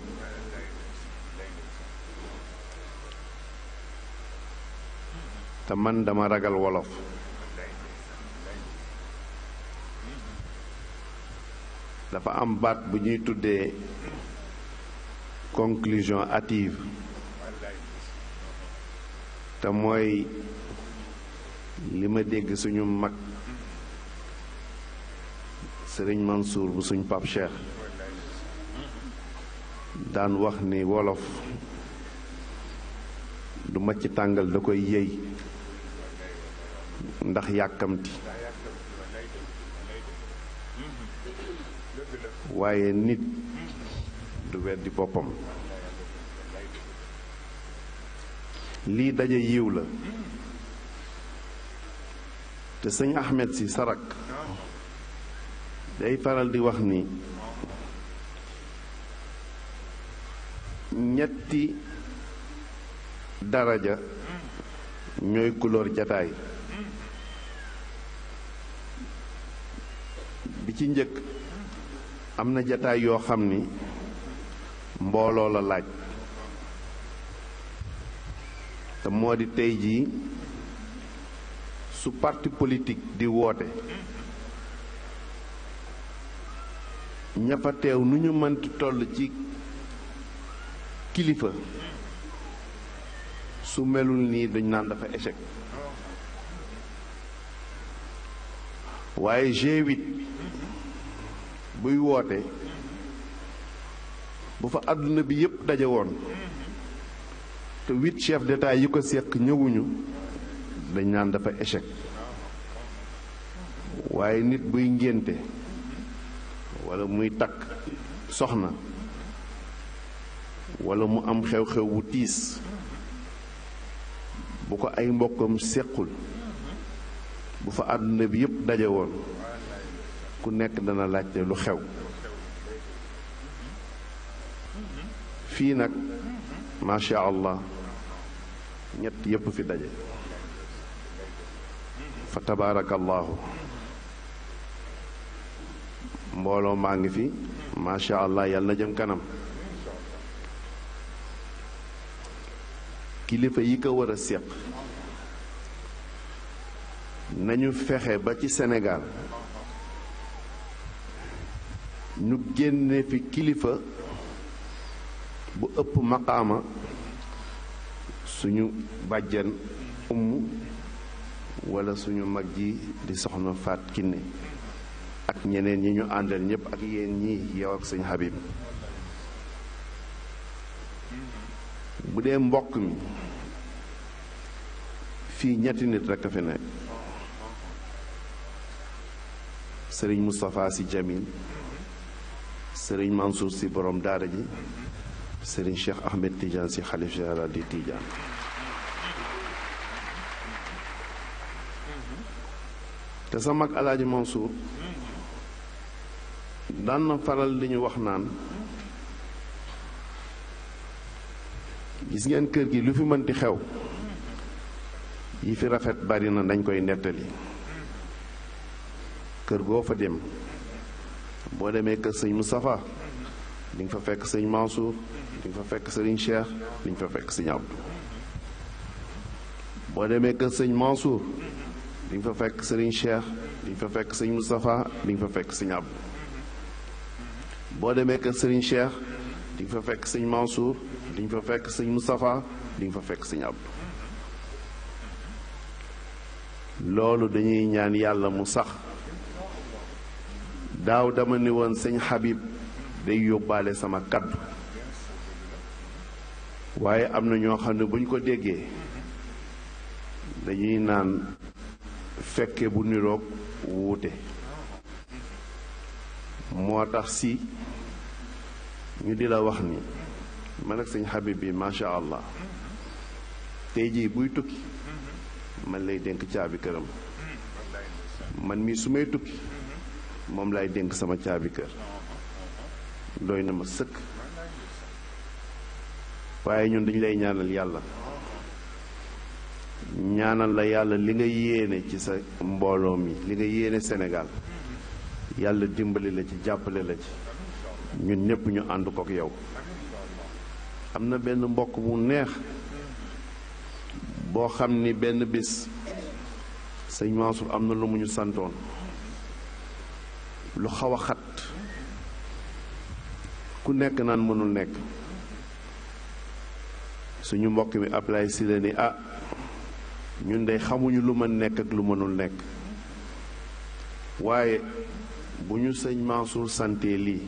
te man dama ragal wolof. dafa am baat bu ñuy tuddee conclusion hâtive Ta moy lima ma dégg suñu mag Serigne Mansour bu suñ pap Cheikh dan wax ni wolof du macc tangal da koy yëy ndax yakamti waye nit du weddi bopam li dajé yiw la te seigne Ahmed si sarak day faral di wax ni ñetti daraja ñoy couleur jataay bi ci ñëk amna na jataay yoo mbooloo la laaj te moo di tey jii su parti politik di woote ña fa teew nu ñu mënti toll ci kilifa su melul nii duñ naan dafa échec waaye g buy woote bu fa àdduna bi yépp daje woon te huit chefs d'État yi ko seq ñëwuñu dañ naan dafa échec waaye nit buy ngénte wala muy takk soxna wala mu am xew-xew bu tiis bu ko ay mbokkam séqul bu fa àdduna bi yépp daje woon ku nekk dana laajte lu xew fii nag macha allah ñett yépp fi daje fa tabaarakallaahu mbooloo maa ngi fi macha allah yàlla na jëm kanam kilifa yi ko war a séq nañu fexe ba ci Sénégal ñu génne fi kilifa bu ëpp maqaama suñu bàjjan umm wala suñu mag ji di soxna faat kinne ak ñeneen ñi ñu àndal ñépp ak yéen ñii yow ak sëñ Habib bu dee mbokk mi fii ñetti nit rekk a fi nekk sëriñ Moustapha Sy Jamil sëriñ Mansour Sy borom daara ji Serigne Cheikh Ahmed Tidiane si xalif général di Tidiane te sa mag alaaji Mansour daan na faral di ñu wax naan gis ngeen kër gi lu fi mënti xew yi fi rafet bari na dañ koy nettali kër goo fa dem boo demee kër sëñ mu safa nga fa fekk sëñ Mansour di nga fa fekk sëriñ Cheikh di nga fa fekk sëñ Abdou boo demee kër sëñ Mansour di nga fa fekk sëriñ Cheikh di nga fa fekk sëñ Moustapha di nga fa fekk sëñ Abdou boo demee kër sëriñ Cheikh di fa fekk sëñ Mansour di fa fekk Moustapha fa fekk Abdou loolu dañuy ñaan yàlla mu sax daaw dama ni woon sëñ Habib day yóbbaale sama kaddu waaye am na ñoo xam ne bu ñu ko déggee dañuy naan fekke bu niroog wuute moo tax si ñu di la wax ni man ak sëñ Habib bi macha allah tey jii buy tukki man lay dénk caabi këram man mii su may tukki moom lay dénk sama caabi kër doy na ma sëkk waaye ñun dañu lay ñaanal yàlla ñaanal la yàlla li nga yéene ci sa mbooloo mi li nga yéene Sénégal yàlla dimbali la ci jàppale la ci ñun ñépp ñu ànd kook yow am na benn mbokk mu neex boo xam ni benn bés sëñ Mansour am na lu mu ñu santoon lu xaw a xat ku nekk naan mënul nekk suñu mbokk mi Ablaye si la ni a ah, ñun de xamuñu lu mën nekk ak lu mënul nekk waaye bu ñu sëñ Mansour sante lii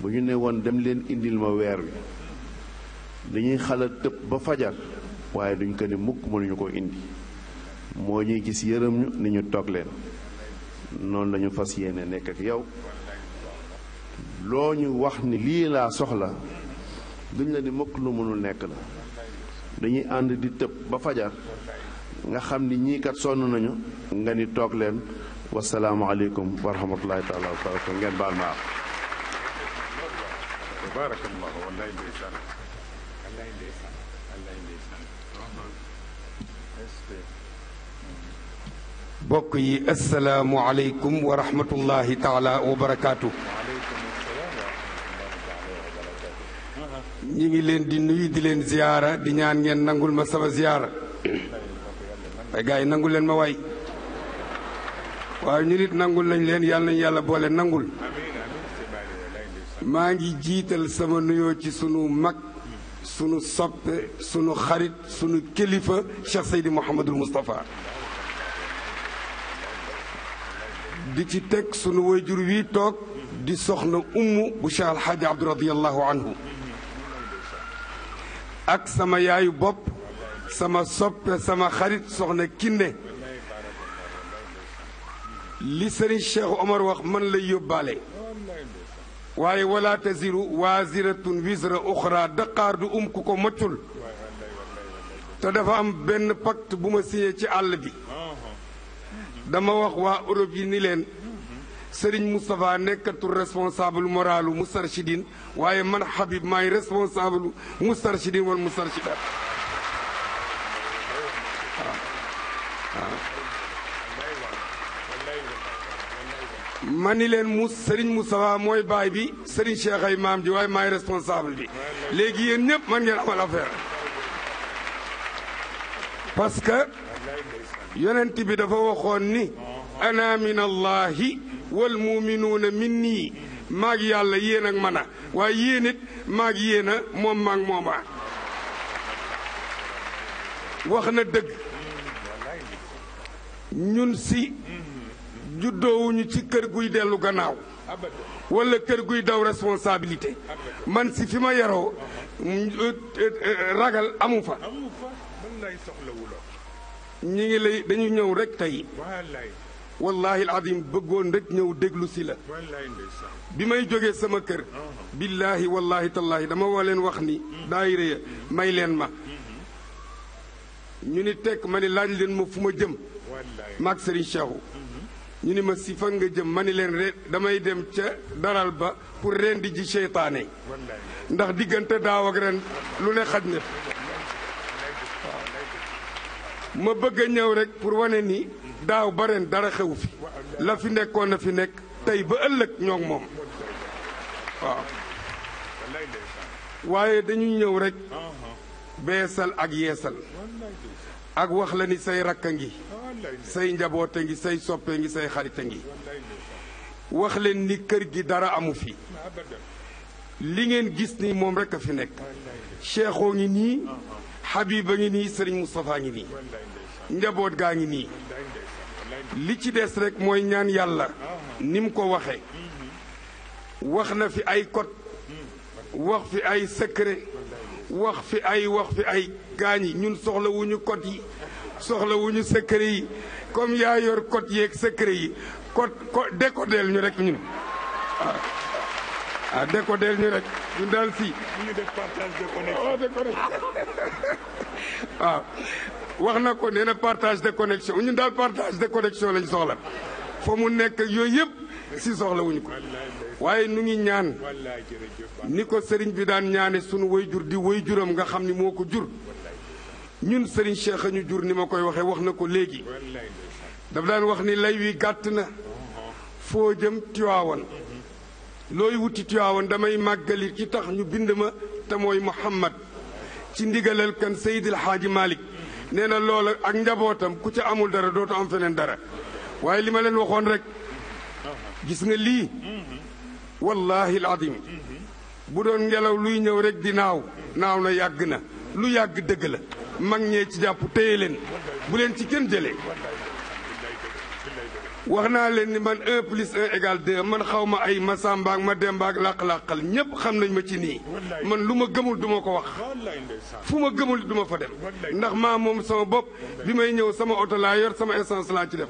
bu ñu ne woon dem leen indil ma weer wi dañuy xalaat tëb ba fajar waaye duñ ko ne mukk mënuñu ko indi moo ñuy gis yërëm ñu ni ñu toog leen noonu lañu fas yéene nekk ak yow loo ñu wax ni lii laa soxla duñ la ni mokk lu mënul nekk la dañuy ànd di tëb ba fajar nga xam ni ñiikat sonn nañu nga ni toog leen wasalaamualeykum wa rahmatullahi taala wa barakatu ngeen baal bokk yi asalaamualeykum wa rahmatullahi taala wa barakaatu. ñu ngi leen di nuyu di leen ziyaara di ñaan ngeen nangul ma sama ziyaara waaye gars yi nangul leen ma waay waaw ñu nit nangul lañ leen yàlla nañ yàlla boole nangul maa ngi jiital sama nuyoo ci sunu mag sunu soppe sunu xarit sunu kilifa Cheikh Seydi Mouhamadul Moustapha di ci teg sunu wayjur wii toog di soxna umm bu Cheikh Alxaaji Abdu radiyallahu anhu ak sama yaayu bop sama soppe sama xarit soxna kinne li Serigne Cheikh Omar wax man lay yobale waye wala taziru waziratun wizra ukhra daqar du um ku ko moccul te dafa am ben pacte buma signé ci àll bi dama wax wa Europe yi ni len Serigne Moustapha nekkatul responsable moralu Moustarchidine waaye man Habib maay responsable Moustarchidine wala Moustarchidaat ma ni leen mu Serigne Moustapha moy baay bi Serigne Cheikh ay maam ji waaye maay responsable bi léegi yéen ñëpp man ngeen amal affaire parce que yonent bi dafa waxoon ni ana min allahi wal muminuuna min nii maag yàlla yéen ak man a waaye yéen it maag yéen a moom maag mooma wax na dëgg ñun si juddoowuñu ci kër guy dellu gannaaw wala kër guy daw responsabilité man si fi ma yaroo mm, euh, euh, euh, ragal amu fa ñu ngi lay dañu ñëw rek tey والله العظيم بقول رك نيو دغلو سي لا بيماي بالله والله تالله دا ما ولين واخني دايره يا ماي ما ني تك ماني لاج لين ما فما جيم ماك سيرين شيخو ني ني ما سيفا nga جيم ماني لين ريت داماي ديم تيا دارال با pour rendi ji shaytané ndax digënté daaw ak ren lu né xajna ma bëgg ñëw rek daaw ba dara xew fi la fi nekkoon na fi nekk tey ba ëllëg ñoo moom waaw waaye dañuy ñëw rek beesal ak yeesal ak wax la ni say rakk ngi say njaboot ngi say soppe ngi say xarit a ngi wax leen ni kër gi dara amu fi li ngeen gis ni moom rek a fi nekk Cheikhoo ngi nii Habiba ngi nii Serigne Moustapha ngi nii njaboot gaa ngi nii li ci des rek mooy ñaan yàlla ni mu ko waxe wax na fi ay code wax fi ay secret wax fi ay wax fi ay gaañ yi ñun soxlawuñu code yi soxlawuñu secret yi comme yaa yor code yeeg secret yi code code décodeel ñu rek ñun ko ah, ah, del ñu rek ñun dal si. ñu de connexion. waaw ah, wax na ko nee na partage de connexion ñun daal partage de connexion lañ soxla fa mu nekk yooyu yëpp si soxla wuñ ko waaye nu ngi ñaan ni ko sëriñ bi daan ñaane sunu wayjur di wayjuram nga xam ni moo ko jur ñun sëriñ Cheikh a ñu jur ni ma koy waxee wax na ko léegi daf daan wax ni lay wi gàtt na foo jëm Tiwaawan looy wuti Tiwaawan damay màggali ci tax ñu bind ma te mooy Muhammad ci ndigalal kan Seydil Xaaji Malik nee na loola ak njabootam ku ci amul dara dootu am feneen dara waaye li ma leen waxoon rek gis nga lii wallaahi alazim bu doon ngelaw luy ñëw rek di naaw naaw na yàgg na lu yàgg dëgg la mag ñee ci jàpp téye leen bu leen ci kenn jëlee واخنا لين من 1 plus 1 égal 2 من خاوما اي مسامبا ما ديمبا لا خلاقل نيب خامناج ما تي من لوما گمول دوما كو واخ فوما گمول دوما فا ديم ناخ ما موم سما بوب بيماي نييو سما اوتو لا يور سما اسانس لا تي ديم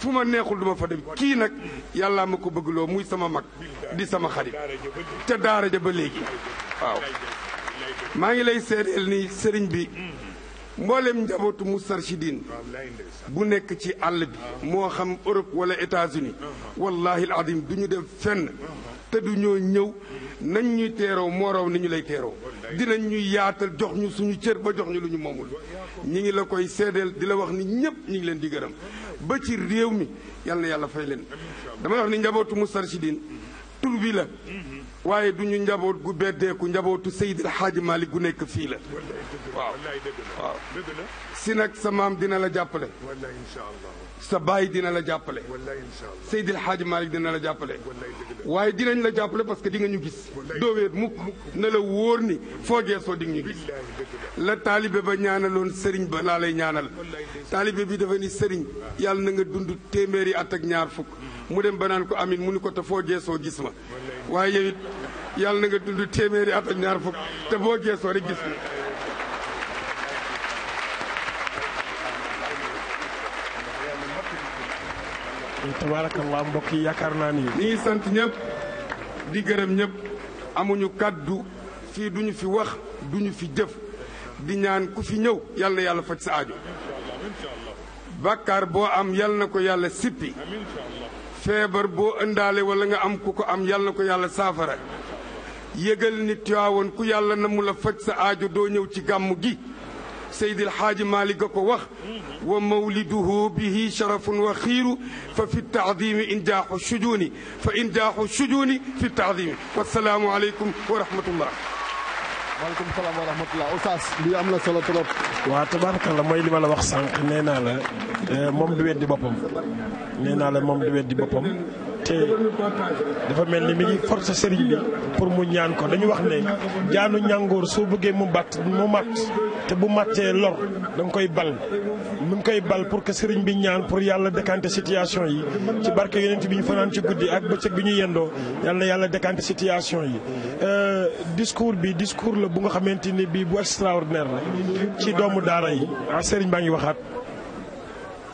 فوما نيهخول دوما فا ديم كي ناك يالا مكو بگلو موي سما ماك دي سما خاريب تا دارا جا با ليغي واو ماغي لاي سيرل ني سيرن بي mboolem njabootu Moustarchidine bu nekk ci àll bi moo xam Europe wala États-Unis wallahi aladim du ñu dem fenn te du ñoo ñëw nañ ñuy teeroo moo raw ni ñu lay teeroo dinañ ñuy yaatal jox ñu suñu cër ba jox ñu lu ñu moomul ñi ngi la koy seedeel di la wax ni ñëpp ñu ngi leen di gërëm ba ci réew mi yàlla yàlla fay leen dama wax ni njabootu Moustarchidine tur bi la waaye du ñu njaboot gu beddeeku njabootu Seydi El Hadji gu nekk fii la waaw si nag sa maam dina la jàppale sa baay dina la jàppale Seydi El Hadji Malick dina la jàppale waaye dinañ la jàppale parce que di nga ñu gis dooweet mukk na la wóor ni foo geesoo di nga ñu gis la taalibe ba ñaanaloon sëriñ ba laa lay ñaanal taalibe bi dafa ni sëriñ yàlla na nga dund téeméeri at ak ñaar fukk mu dem banaan ko amin mu ni ko te foo geesoo gis ma waaye yow it na nga dund téeméeri at ak ñaar fukk te foo geesoo rek gis ma tabarakallah mbokk yi yaakaar naa ni li ngi sant ñëpp di gërëm ñépp amuñu kàddu fii duñu fi wax duñu fi jëf di ñaan ku fi ñëw yàlla yàlla faj sa ajo bàkkaar boo am yal na ko yàlla sippi feber bo ëndaale wala nga am kuko am yàlla ko yàlla safara yëgal nit tiawon ku yàlla na mu la faj sa aajo do ñëw ci gamu gi Seydil Xaaji Maalik a ko wax wa mawliduhu bihi sharafun wa xiiru fa fi taadimi in jaaxu sujuuni fa in jaaxu sujuuni fi taadimi wasalaamu aleykum wa rahmatullah maaleykum salaam wa rahmatulah Oustaz lii am na solo trop. waaw tabaarkalla mooy li ma la wax sànq nee naa la eh, moom wet weddi boppam nee naa la moom wet weddi boppam. te dafa mel ni mi ni force sëriñ bi pour mu ñaan ko dañu wax ne jaanu ñàngoor soo bëggee mu bat mu matt te bu mattee lor da nga koy bal mu ngi koy bal pour que sëriñ bi ñaan pour yàlla décanter situation yi ci barke yonent bi ñu fanaan ci guddi ak bëccëg bi ñu yendoo yàlla yàlla décanter situation yi euh, discours bi discours la bu nga xamante ni bii bu extraordinaire la ci doomu daara yi ah sëriñ baa ngi waxaat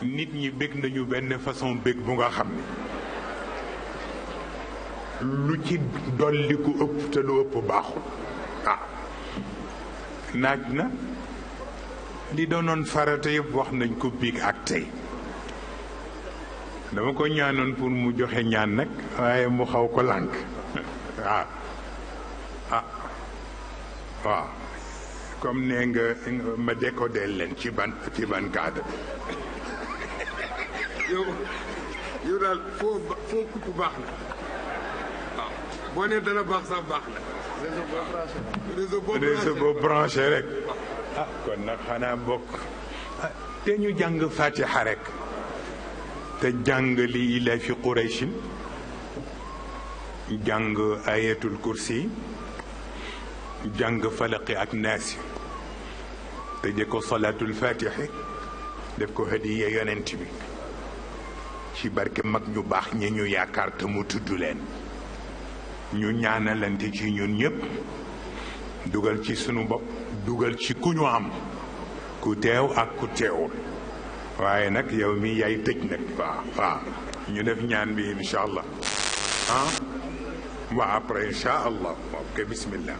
nit ñi bég nañu benn façon bég bu nga xam lu ci dolli ku ëpp te lu ëpp baaxul ah naaj na li doonoon farata yëpp wax nañ ko biig ak tey dama ko ñaanoon pour mu joxe ñaan nag waaye mu xaw ko lànk waaw ah. ah waaw comme nee nga ma décoder leen ci ban ci ban cadre yow yow daal foo foo baax na boo nee dana baax sax baax na. réseau boo branché réseau boo branché rek. ah kon nag xanaa bokk. te ñu jàng fatiha rek. te jàng li ila fi qurayshin jàng ayatul kursi jàng falaqi ak naasi tëje ko salaatul fatihi def ko hadiya yonent bi ci barke mag ñu baax ñi ñu yaakaar te mu tudd leen ñu ñaanalante ci ñun ñëpp dugal ci sunu bopp dugal ci ku ñu am ku teew ak ku teewul waaye nag yow mi yaay tëj nag waaw waaw ñu def ñaan bi incha allah ah waa après incha allah ok bismillah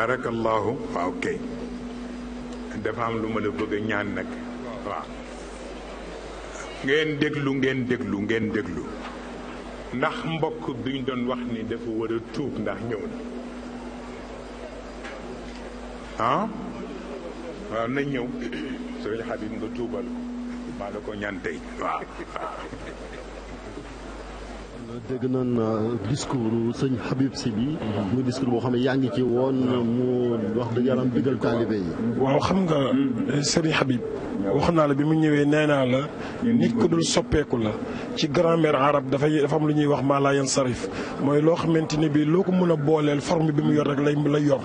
tabaarakallaahu waaw kay dafa am lu ma la bëgg ñaan nag waaw ngeen déglu ngeen déglu ngeen déglu ndax mbokk bi ñu doon wax ni dafa war a tuub ndax ñëw na ah waaw na ñëw sëriñ Habib nga tuubal ko maa la ko ñaan tey waaw dégg naan euh, discours sëñ Habib Sy bi muy discours boo xam ne yaa ngi ci woon mu wax dëgg yàlla bëggal taalibe yi. waaw xam nga euh, Serigne Habib. wax naa la bi mu ñëwee nee naa la. nit ku dul soppeeku la. ci grammaire arab dafay dafa am lu ñuy wax maa laa yan sarif mooy loo xamante ni bii loo ko mën a booleel forme bi mu yor rek lay lay yor.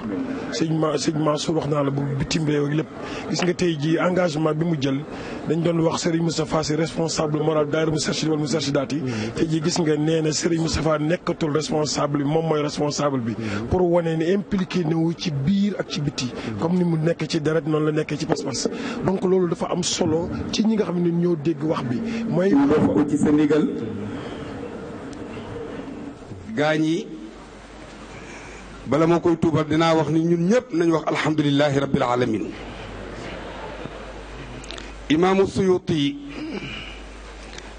sëñ ma sëñ Mansour wax naa la bu bitim réew ak lépp gis nga tey ji engagement bi mu jël. dañ doon wax Serigne Moustapha si responsable moral daayira Moustarchidine wal Moustarchidaty mm-hmm. te ji gis nga nee na Serigne Moustapha nekkatul responsable bi moom mooy responsable bi mm-hmm. pour wane ne impliqué newu ci biir ak ci biti mm-hmm. comme ni mu nekk ci deret noonu la nekkee ci pas-pas donc loolu dafa am solo ci ñi nga xam ne ñoo dégg wax bi mooy def ko ci sa gaañ yi bala moo koy tuubal dinaa wax ni ñun ñëpp nañ wax alhamdulilahi rabbil alamin imaamu suyuuti yi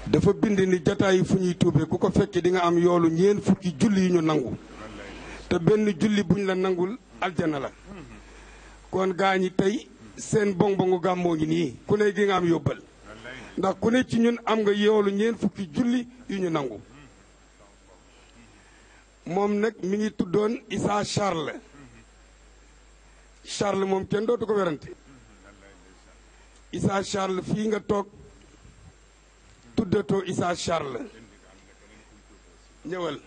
dafa bind ni jataay fu ñuy tuube ku ko fekkee di nga am yoolu ñeen fukki julli yu ñu nangu te benn julli buñ la nangul aljana la kon gaa ñi tey seen bonbongu gàmmoo ngi nii ku ne di nga am yóbbal ndax ku ne ci ñun am nga yoolu ñeen fukki julli yu ñu nangu moom nag mi ngi tuddoon Issa Charles Charles moom kenn dootu ko werante Issa Charles fii nga toog tuddatoo Issa Charles ñëwal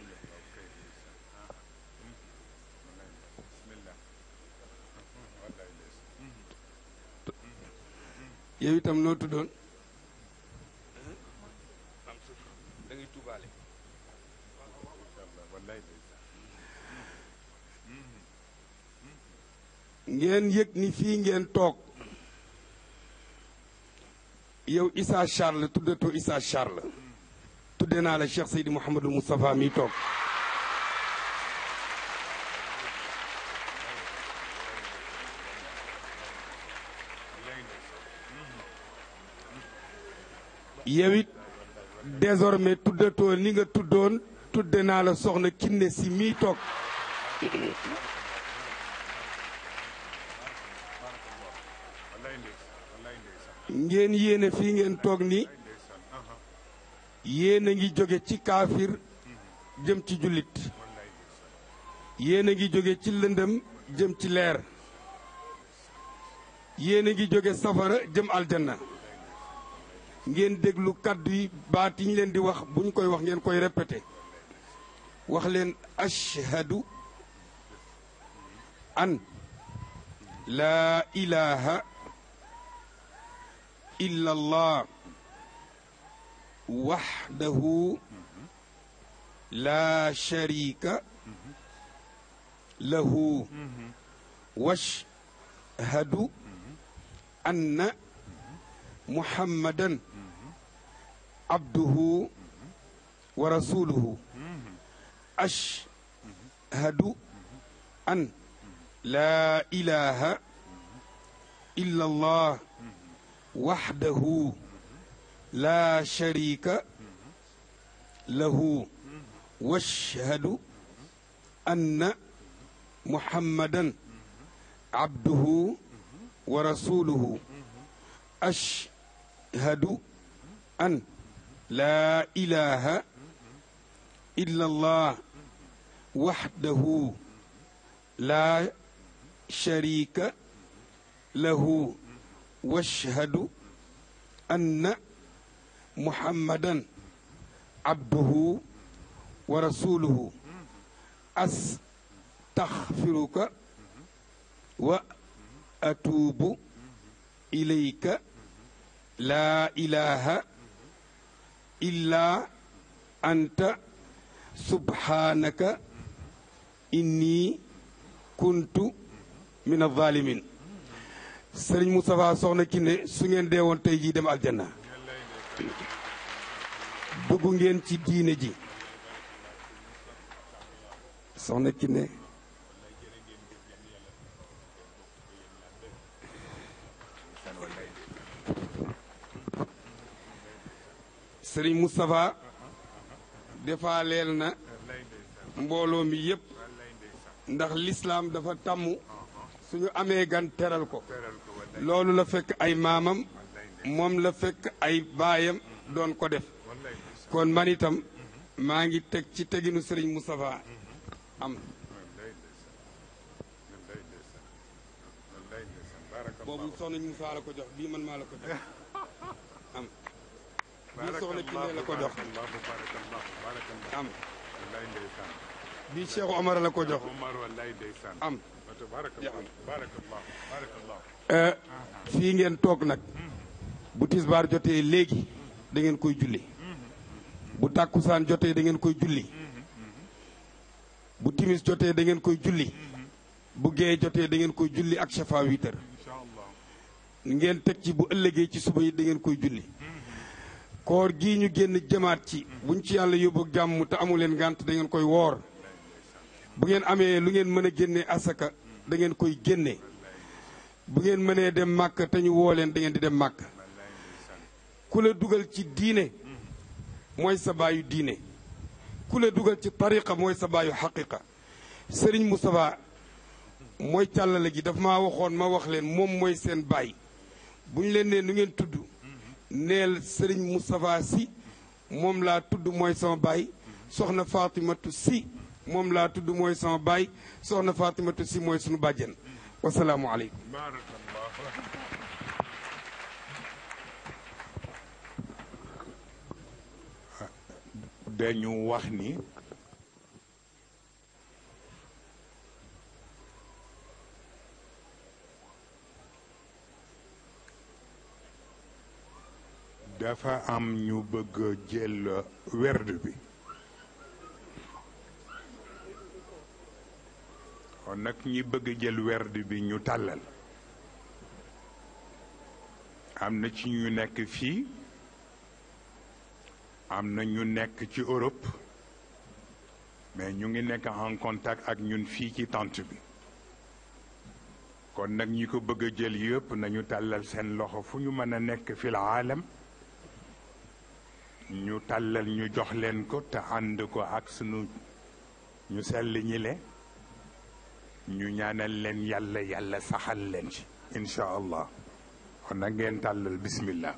yow itam noo tuddoon ngeen yëg ni fii ngeen toog يو إسا شارل تدتو إسا شارل تدنا على الشيخ سيد محمد المصطفى ميتوك يو désormais tudde to ni nga tudon tudde na la على صغن si mi ngeen yéene fii ngeen toog ni yéen a ngi jóge ci kaafir jëm ci jullit yéen a ngi jóge ci lëndëm jëm ci leer yéen a ngi jóge safara jëm aljana ngeen déglu kàddu yi baat yi leen di wax bu ñu koy wax ngeen koy répété wax leen ashhadu an laa ilaha إلا الله وحده لا شريك له واشهد أن محمدا عبده ورسوله أشهد أن لا إله إلا الله وحده لا شريك له واشهد أن محمدا عبده ورسوله أشهد أن لا إله إلا الله وحده لا شريك له واشهد أن محمدا عبده ورسوله أستغفرك وأتوب إليك لا إله إلا أنت سبحانك إني كنت من الظالمين Serigne Moustapha soxna Kinde su ngeen déwon tay jii dem aljanna dugg ngeen ci diiné ji soxna Kinde Serigne Moustapha defaaleel na mbolo mi yépp ndax l'islam dafa suñu amee gan teral ko loolu la fekk ay maamam moom la fekk ay baayam doon ko def kon man maa ngi teg ci teginu Serigne Moustapha am boobu soxna Moussa la la ko jox am bii soxna Kine la ko jox am bii Cheikh Omar la ko jox Eh, fii ngeen toog nag bu tisbaar jotee léegi da koy julli bu tàkkusaan jotee dangeen koy julli bu timis jotee dangeen koy julli bu da ngeen koy julli ak chafa witr ngeen teg ci bu ëllëgee ci suba yi dangeen koy julli koor gii ñu génn jëmaat ci buñ ci yàlla yóbbu gàmm te amu leen gànt da ngeen koy woor bu ngeen amee lu ngeen mën a génnee asaka da ngeen koy génne bu ngeen mënee dem màkk te ñu woo leen da ngeen di dem màkk ku la dugal ci diine mooy sa baayu diine ku la dugal ci tariqa mooy sa baayu xaqiqa Serigne Moustapha mooy càllale gi dafa ma waxoon ma wax leen moom mooy seen baay bu ñu leen nee nu ngeen tudd neel Serigne Moustapha si moom laa tudd mooy sama baay soxna Fatimatu si moom laa tudd mooy sama baay soxna Fatimatu si mooy sunu bàjjen wasalaamualeykum. dañu wax ni. dafa am ñu bëgg jël werd bi. kon nag ñi bëgg jël werd bi ñu tàllal am na ci ñu nekk fii am na ñu nekk ci Europe mais ñu ngi nekk en contact ak ñun fii ci tente bi kon nag ñi ko bëgg a jël yëpp nañu tàllal seen loxo fu ñu mën a nekk fil aalam ñu tàllal ñu jox leen ko te ànd ko ak sunu ñu sell ñi le ñu ñaanal leen yàlla yàlla saxal leen ci incha allah kon nag ngeen tàllal bismillah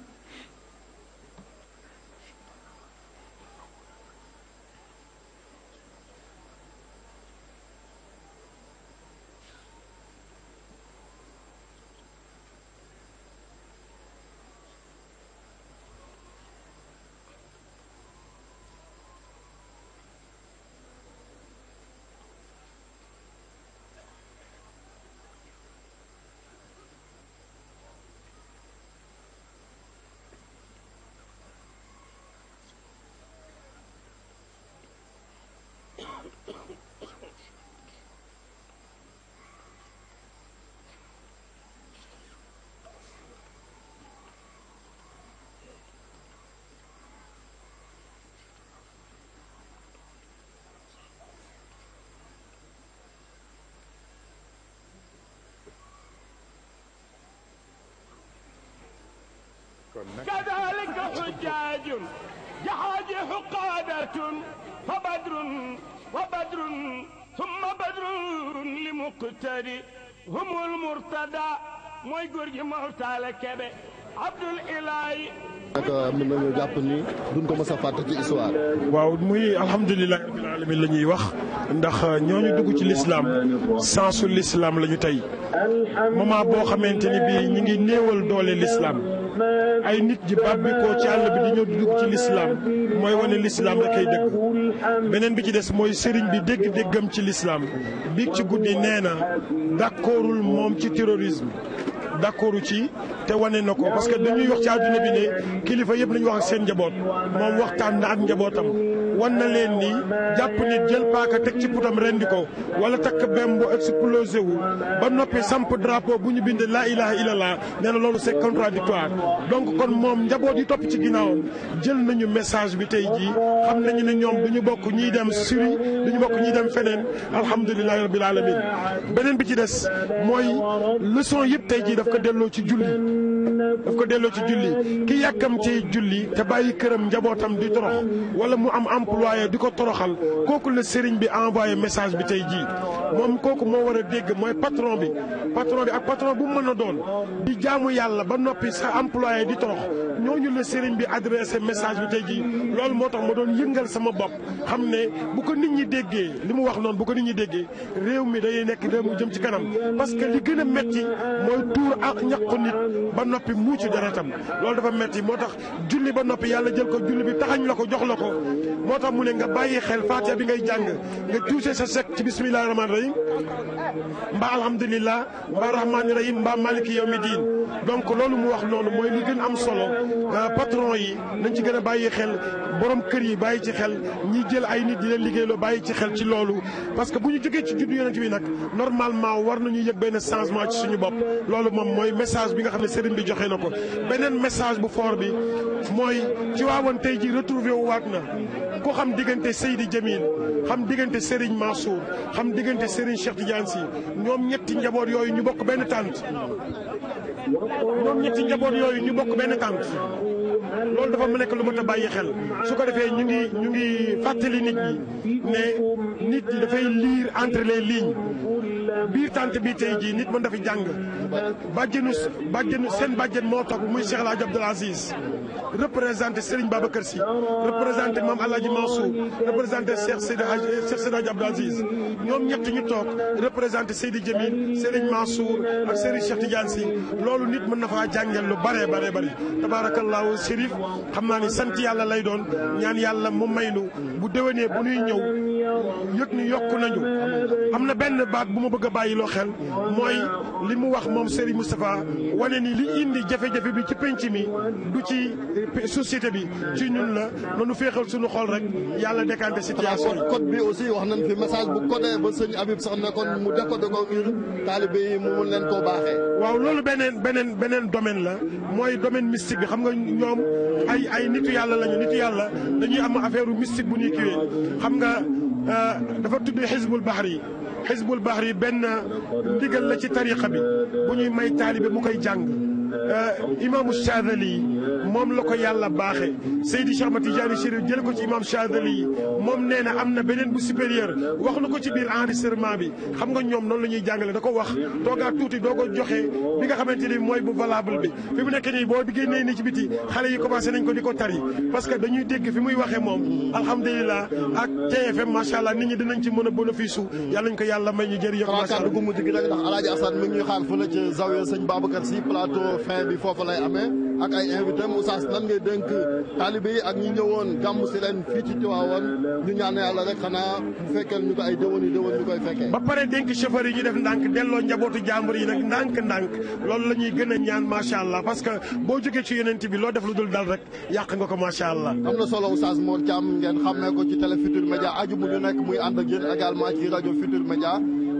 كذلك حجاج جحاج قادة فبدر وبدر ثم بدر لمقتري هم المرتدى موي غورجي مورتال كبي عبد الاله الحمد لله رب العالمين لا نيي واخ نдах ньоني دوجو سي الاسلام سانسو الاسلام لا نيو تاي ماما بو خامتيني بي نيغي نيوال دولي الاسلام ay nit ji bàbbikoo ci àll bi di ñëw di ci lislaam mooy wane lislaam rek ay dëgg beneen bi ci des mooy sëriñ bi dégg-déggam ci lislaam bi ci guddi nee na d'accordul moom ci terrorisme d'accord ci te wane na ko parce que dañuy wax ci àdduna bi ne kilifa yëpp nañu wax ak seen njaboot moom waxtaan na ak njabootam wan na leen ni jàpp nit jël paaka teg ci putam rendi ko wala takk bem bu explosé wu ba noppi samp drapeau bu ñu bind laa ilaha la nee na loolu c'est contradictoire donc kon moom njaboot yi topp ci ginnaaw jël nañu message bi tey jii xam nañu ne ñoom du ñu bokk ñuy dem Syrie du ñu bokk ñuy dem feneen alhamdulilahi rabbil alamin beneen bi ci des mooy leçon yëpp tey daf ko delloo ci julli daf ko delloo ci julli ki yàkkam ci julli te bàyyi këram njabootam di torox wala mu am employé di ko toroxal kooku la sëriñ bi envoyé message bi tey jii moom kooku moo war a dégg mooy patron bi patron bi ak patron bu mën a doon di jaamu yàlla ba noppi sa employé di torox ñooñu la sëriñ bi adressé message bi tey jii loolu moo tax ma doon yëngal sama bopp xam ne bu ko nit ñi déggee li mu wax noonu bu ko nit ñi déggee réew mi day nekk réew mu jëm ci kanam a noppi muucu deretam loolu dafa metti moo tax julli ba noppi yàlla jël ko julli bi taxañ la ko jox la ko moo tax mu ne nga bàyyi xel faatiha bi ngay jàng nga tuuse sa sek ci bismillahi rahmaani rahim mbaa alhamdulillah mbaa rahmaani rahim mbaa maliki yawmi diin donc loolu mu wax noonu mooy lu gën am solo euh, patron yi nañ ci gën a bàyyi xel borom kër yi bàyyi ci xel ñi jël ay nit di leen liggéeyloo bàyyi ci xel ci loolu parce que bu ñu jógee ci juddu yonent bi nag normalement war nañu yëg benn changement ci suñu bopp loolu joxe na ko beneen message bu fort bi mooy Tiwaawan tey ji retrouvé wu na ku xam diggante Seydi Jamil xam diggante Serigne Mansour xam diggante Serigne Cheikh Tidiane Sy ñoom ñetti njaboot yooyu ñu bokk benn tànt ñoom ñetti njaboot yooyu ñu bokk benn tànt loolu dafa mu nekk lu mot a bàyyi xel su ko defee ñu ngi ñu ngi fàttali nit ñi ne nit ñi dafay lire entre les lignes biir tànt bi tey jii nit mën dafa jàng bàjjenu bàjjenu seen bàjjen moo toog muy Cheikh El Hadj Abdoul Aziz représenté Serigne Babacar Sy représenté Mame El Hadj Mansour représenté Cheikh Seydi Hadj Cheikh Seydi Hadj Abdoul Aziz ñoom ñett ñu toog représenté Seydi Djamil Serigne Mansour ak Serigne Cheikh Tidiane Sy loolu nit mën na faa jàngel lu bare bare bare tabaarakallaahu juif xam naa ne sant yàlla lay doon ñaan yàlla mu maylu bu déwénee bu nuy ñëw yëg ni yokk nañu am na benn baat bu ma bëgg bàyyi loo xel mooy li mu wax moom Serigne Moustapha wane ni li indi jafe-jafe bi ci penc mi du ci société bi ci ñun la nanu féexal sunu xool rek yàlla décanté situation yi code bi aussi wax nañ mu ko ngir taalibe yi mu mun leen koo baaxee waaw loolu beneen beneen beneen domaine la mooy domaine mystique bi xam nga ñoom ay ay nitu yàlla lañu nitu yàlla dañuy am affaire mystique bu ñuy kiwee xam nga dafa tudd xisbul baxar yi xisbul baxar yi benn ndigal la ci tariqa bi bu ñuy may taalibe mu koy jàng Euh, imaamu Chadali moom la ko yàlla baaxe Seydi Cheikh Ahmad Tidiane Chérif jël ko ci imaam Chadali moom nee na am na beneen bu supérieur wax na ko ci biir enregistrement bi xam nga ñoom noonu la ñuy jàngale da ko wax toogaat tuuti doo ko joxe bi nga xamante ni mooy bu valable bi fi mu nekk nii boo génnee ni ci biti xale yi commencé nañ ko di ko tari parce que dañuy dégg fi muy waxee moom alhamdulilah ak TFM macha allah nit ñi dinañ ci mën a bénéfice u yàlla ñu ko yàlla may ñu jëriñoo fin bi foofu lay amee ak ay invité Oustaz nan ngay dénk taalibe yi ak ñi ñëwoon gàmmu si leen fii ci Tiwaawan ñu ñaan yàlla rek xanaa mu fekkeel ñu ko ay déwén yi déwén ñu koy fekkee ba pare dénk chauffeur yi ñu def ndànk delloo njabootu jàmbur yi nag ndànk-ndànk loolu la ñuy gën a ñaan macha allah parce que boo jógee ci yonent bi loo def lu dul dal rek yàq nga ko macha allah am na solo Oustaz Mor Thiam ngeen xammee ko ci Télé Futurs Médias aju mu ñu nekk muy rajo Futurs Médias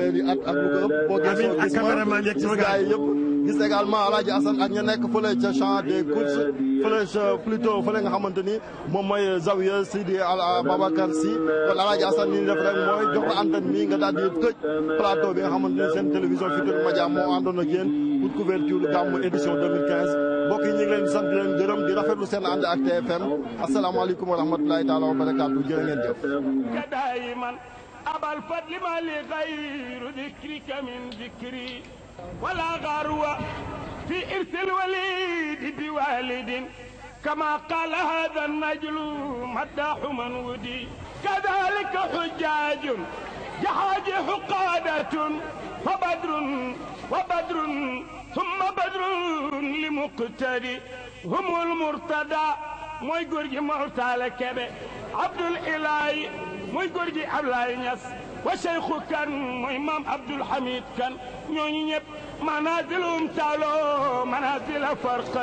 fanweeri at ak lu ko ëpp boo gisee gis gars yi yëpp gis également Alaaji Assane ak ña nekk fële ca champ des euh, courses fële ca plutôt nga xamante ni moom mooy zawiya Sidi Babacar Sy si Alaaji Assane asan ni def rek mooy jox la mi nga daal di plateau bi nga xamante ni seen télévision Futurs Médias moo àndoon ak yéen pour couverture gàmmu édition 2015 mbokk yi sant di leen gërëm di rafetlu seen ànd ak TFM asalaamaaleykum wa rahmatulahi taala wa barakaatu jërë ngeen jëf أبا الفضل ما لي غير ذكرك من ذكري ولا غروة في إرث الوليد بوالد كما قال هذا النجل مداح من ودي كذلك حجاج جحاج حقادة فبدر وبدر ثم بدر لمقتدي هم المرتدى موي جورج مرتالة كبه عبد الإلهي muy góor gi Ablaye Niass wa Cheikhu kan muy maam Abdoul Hamid kan ñooñu ñëpp manazilum taalo manazila farqa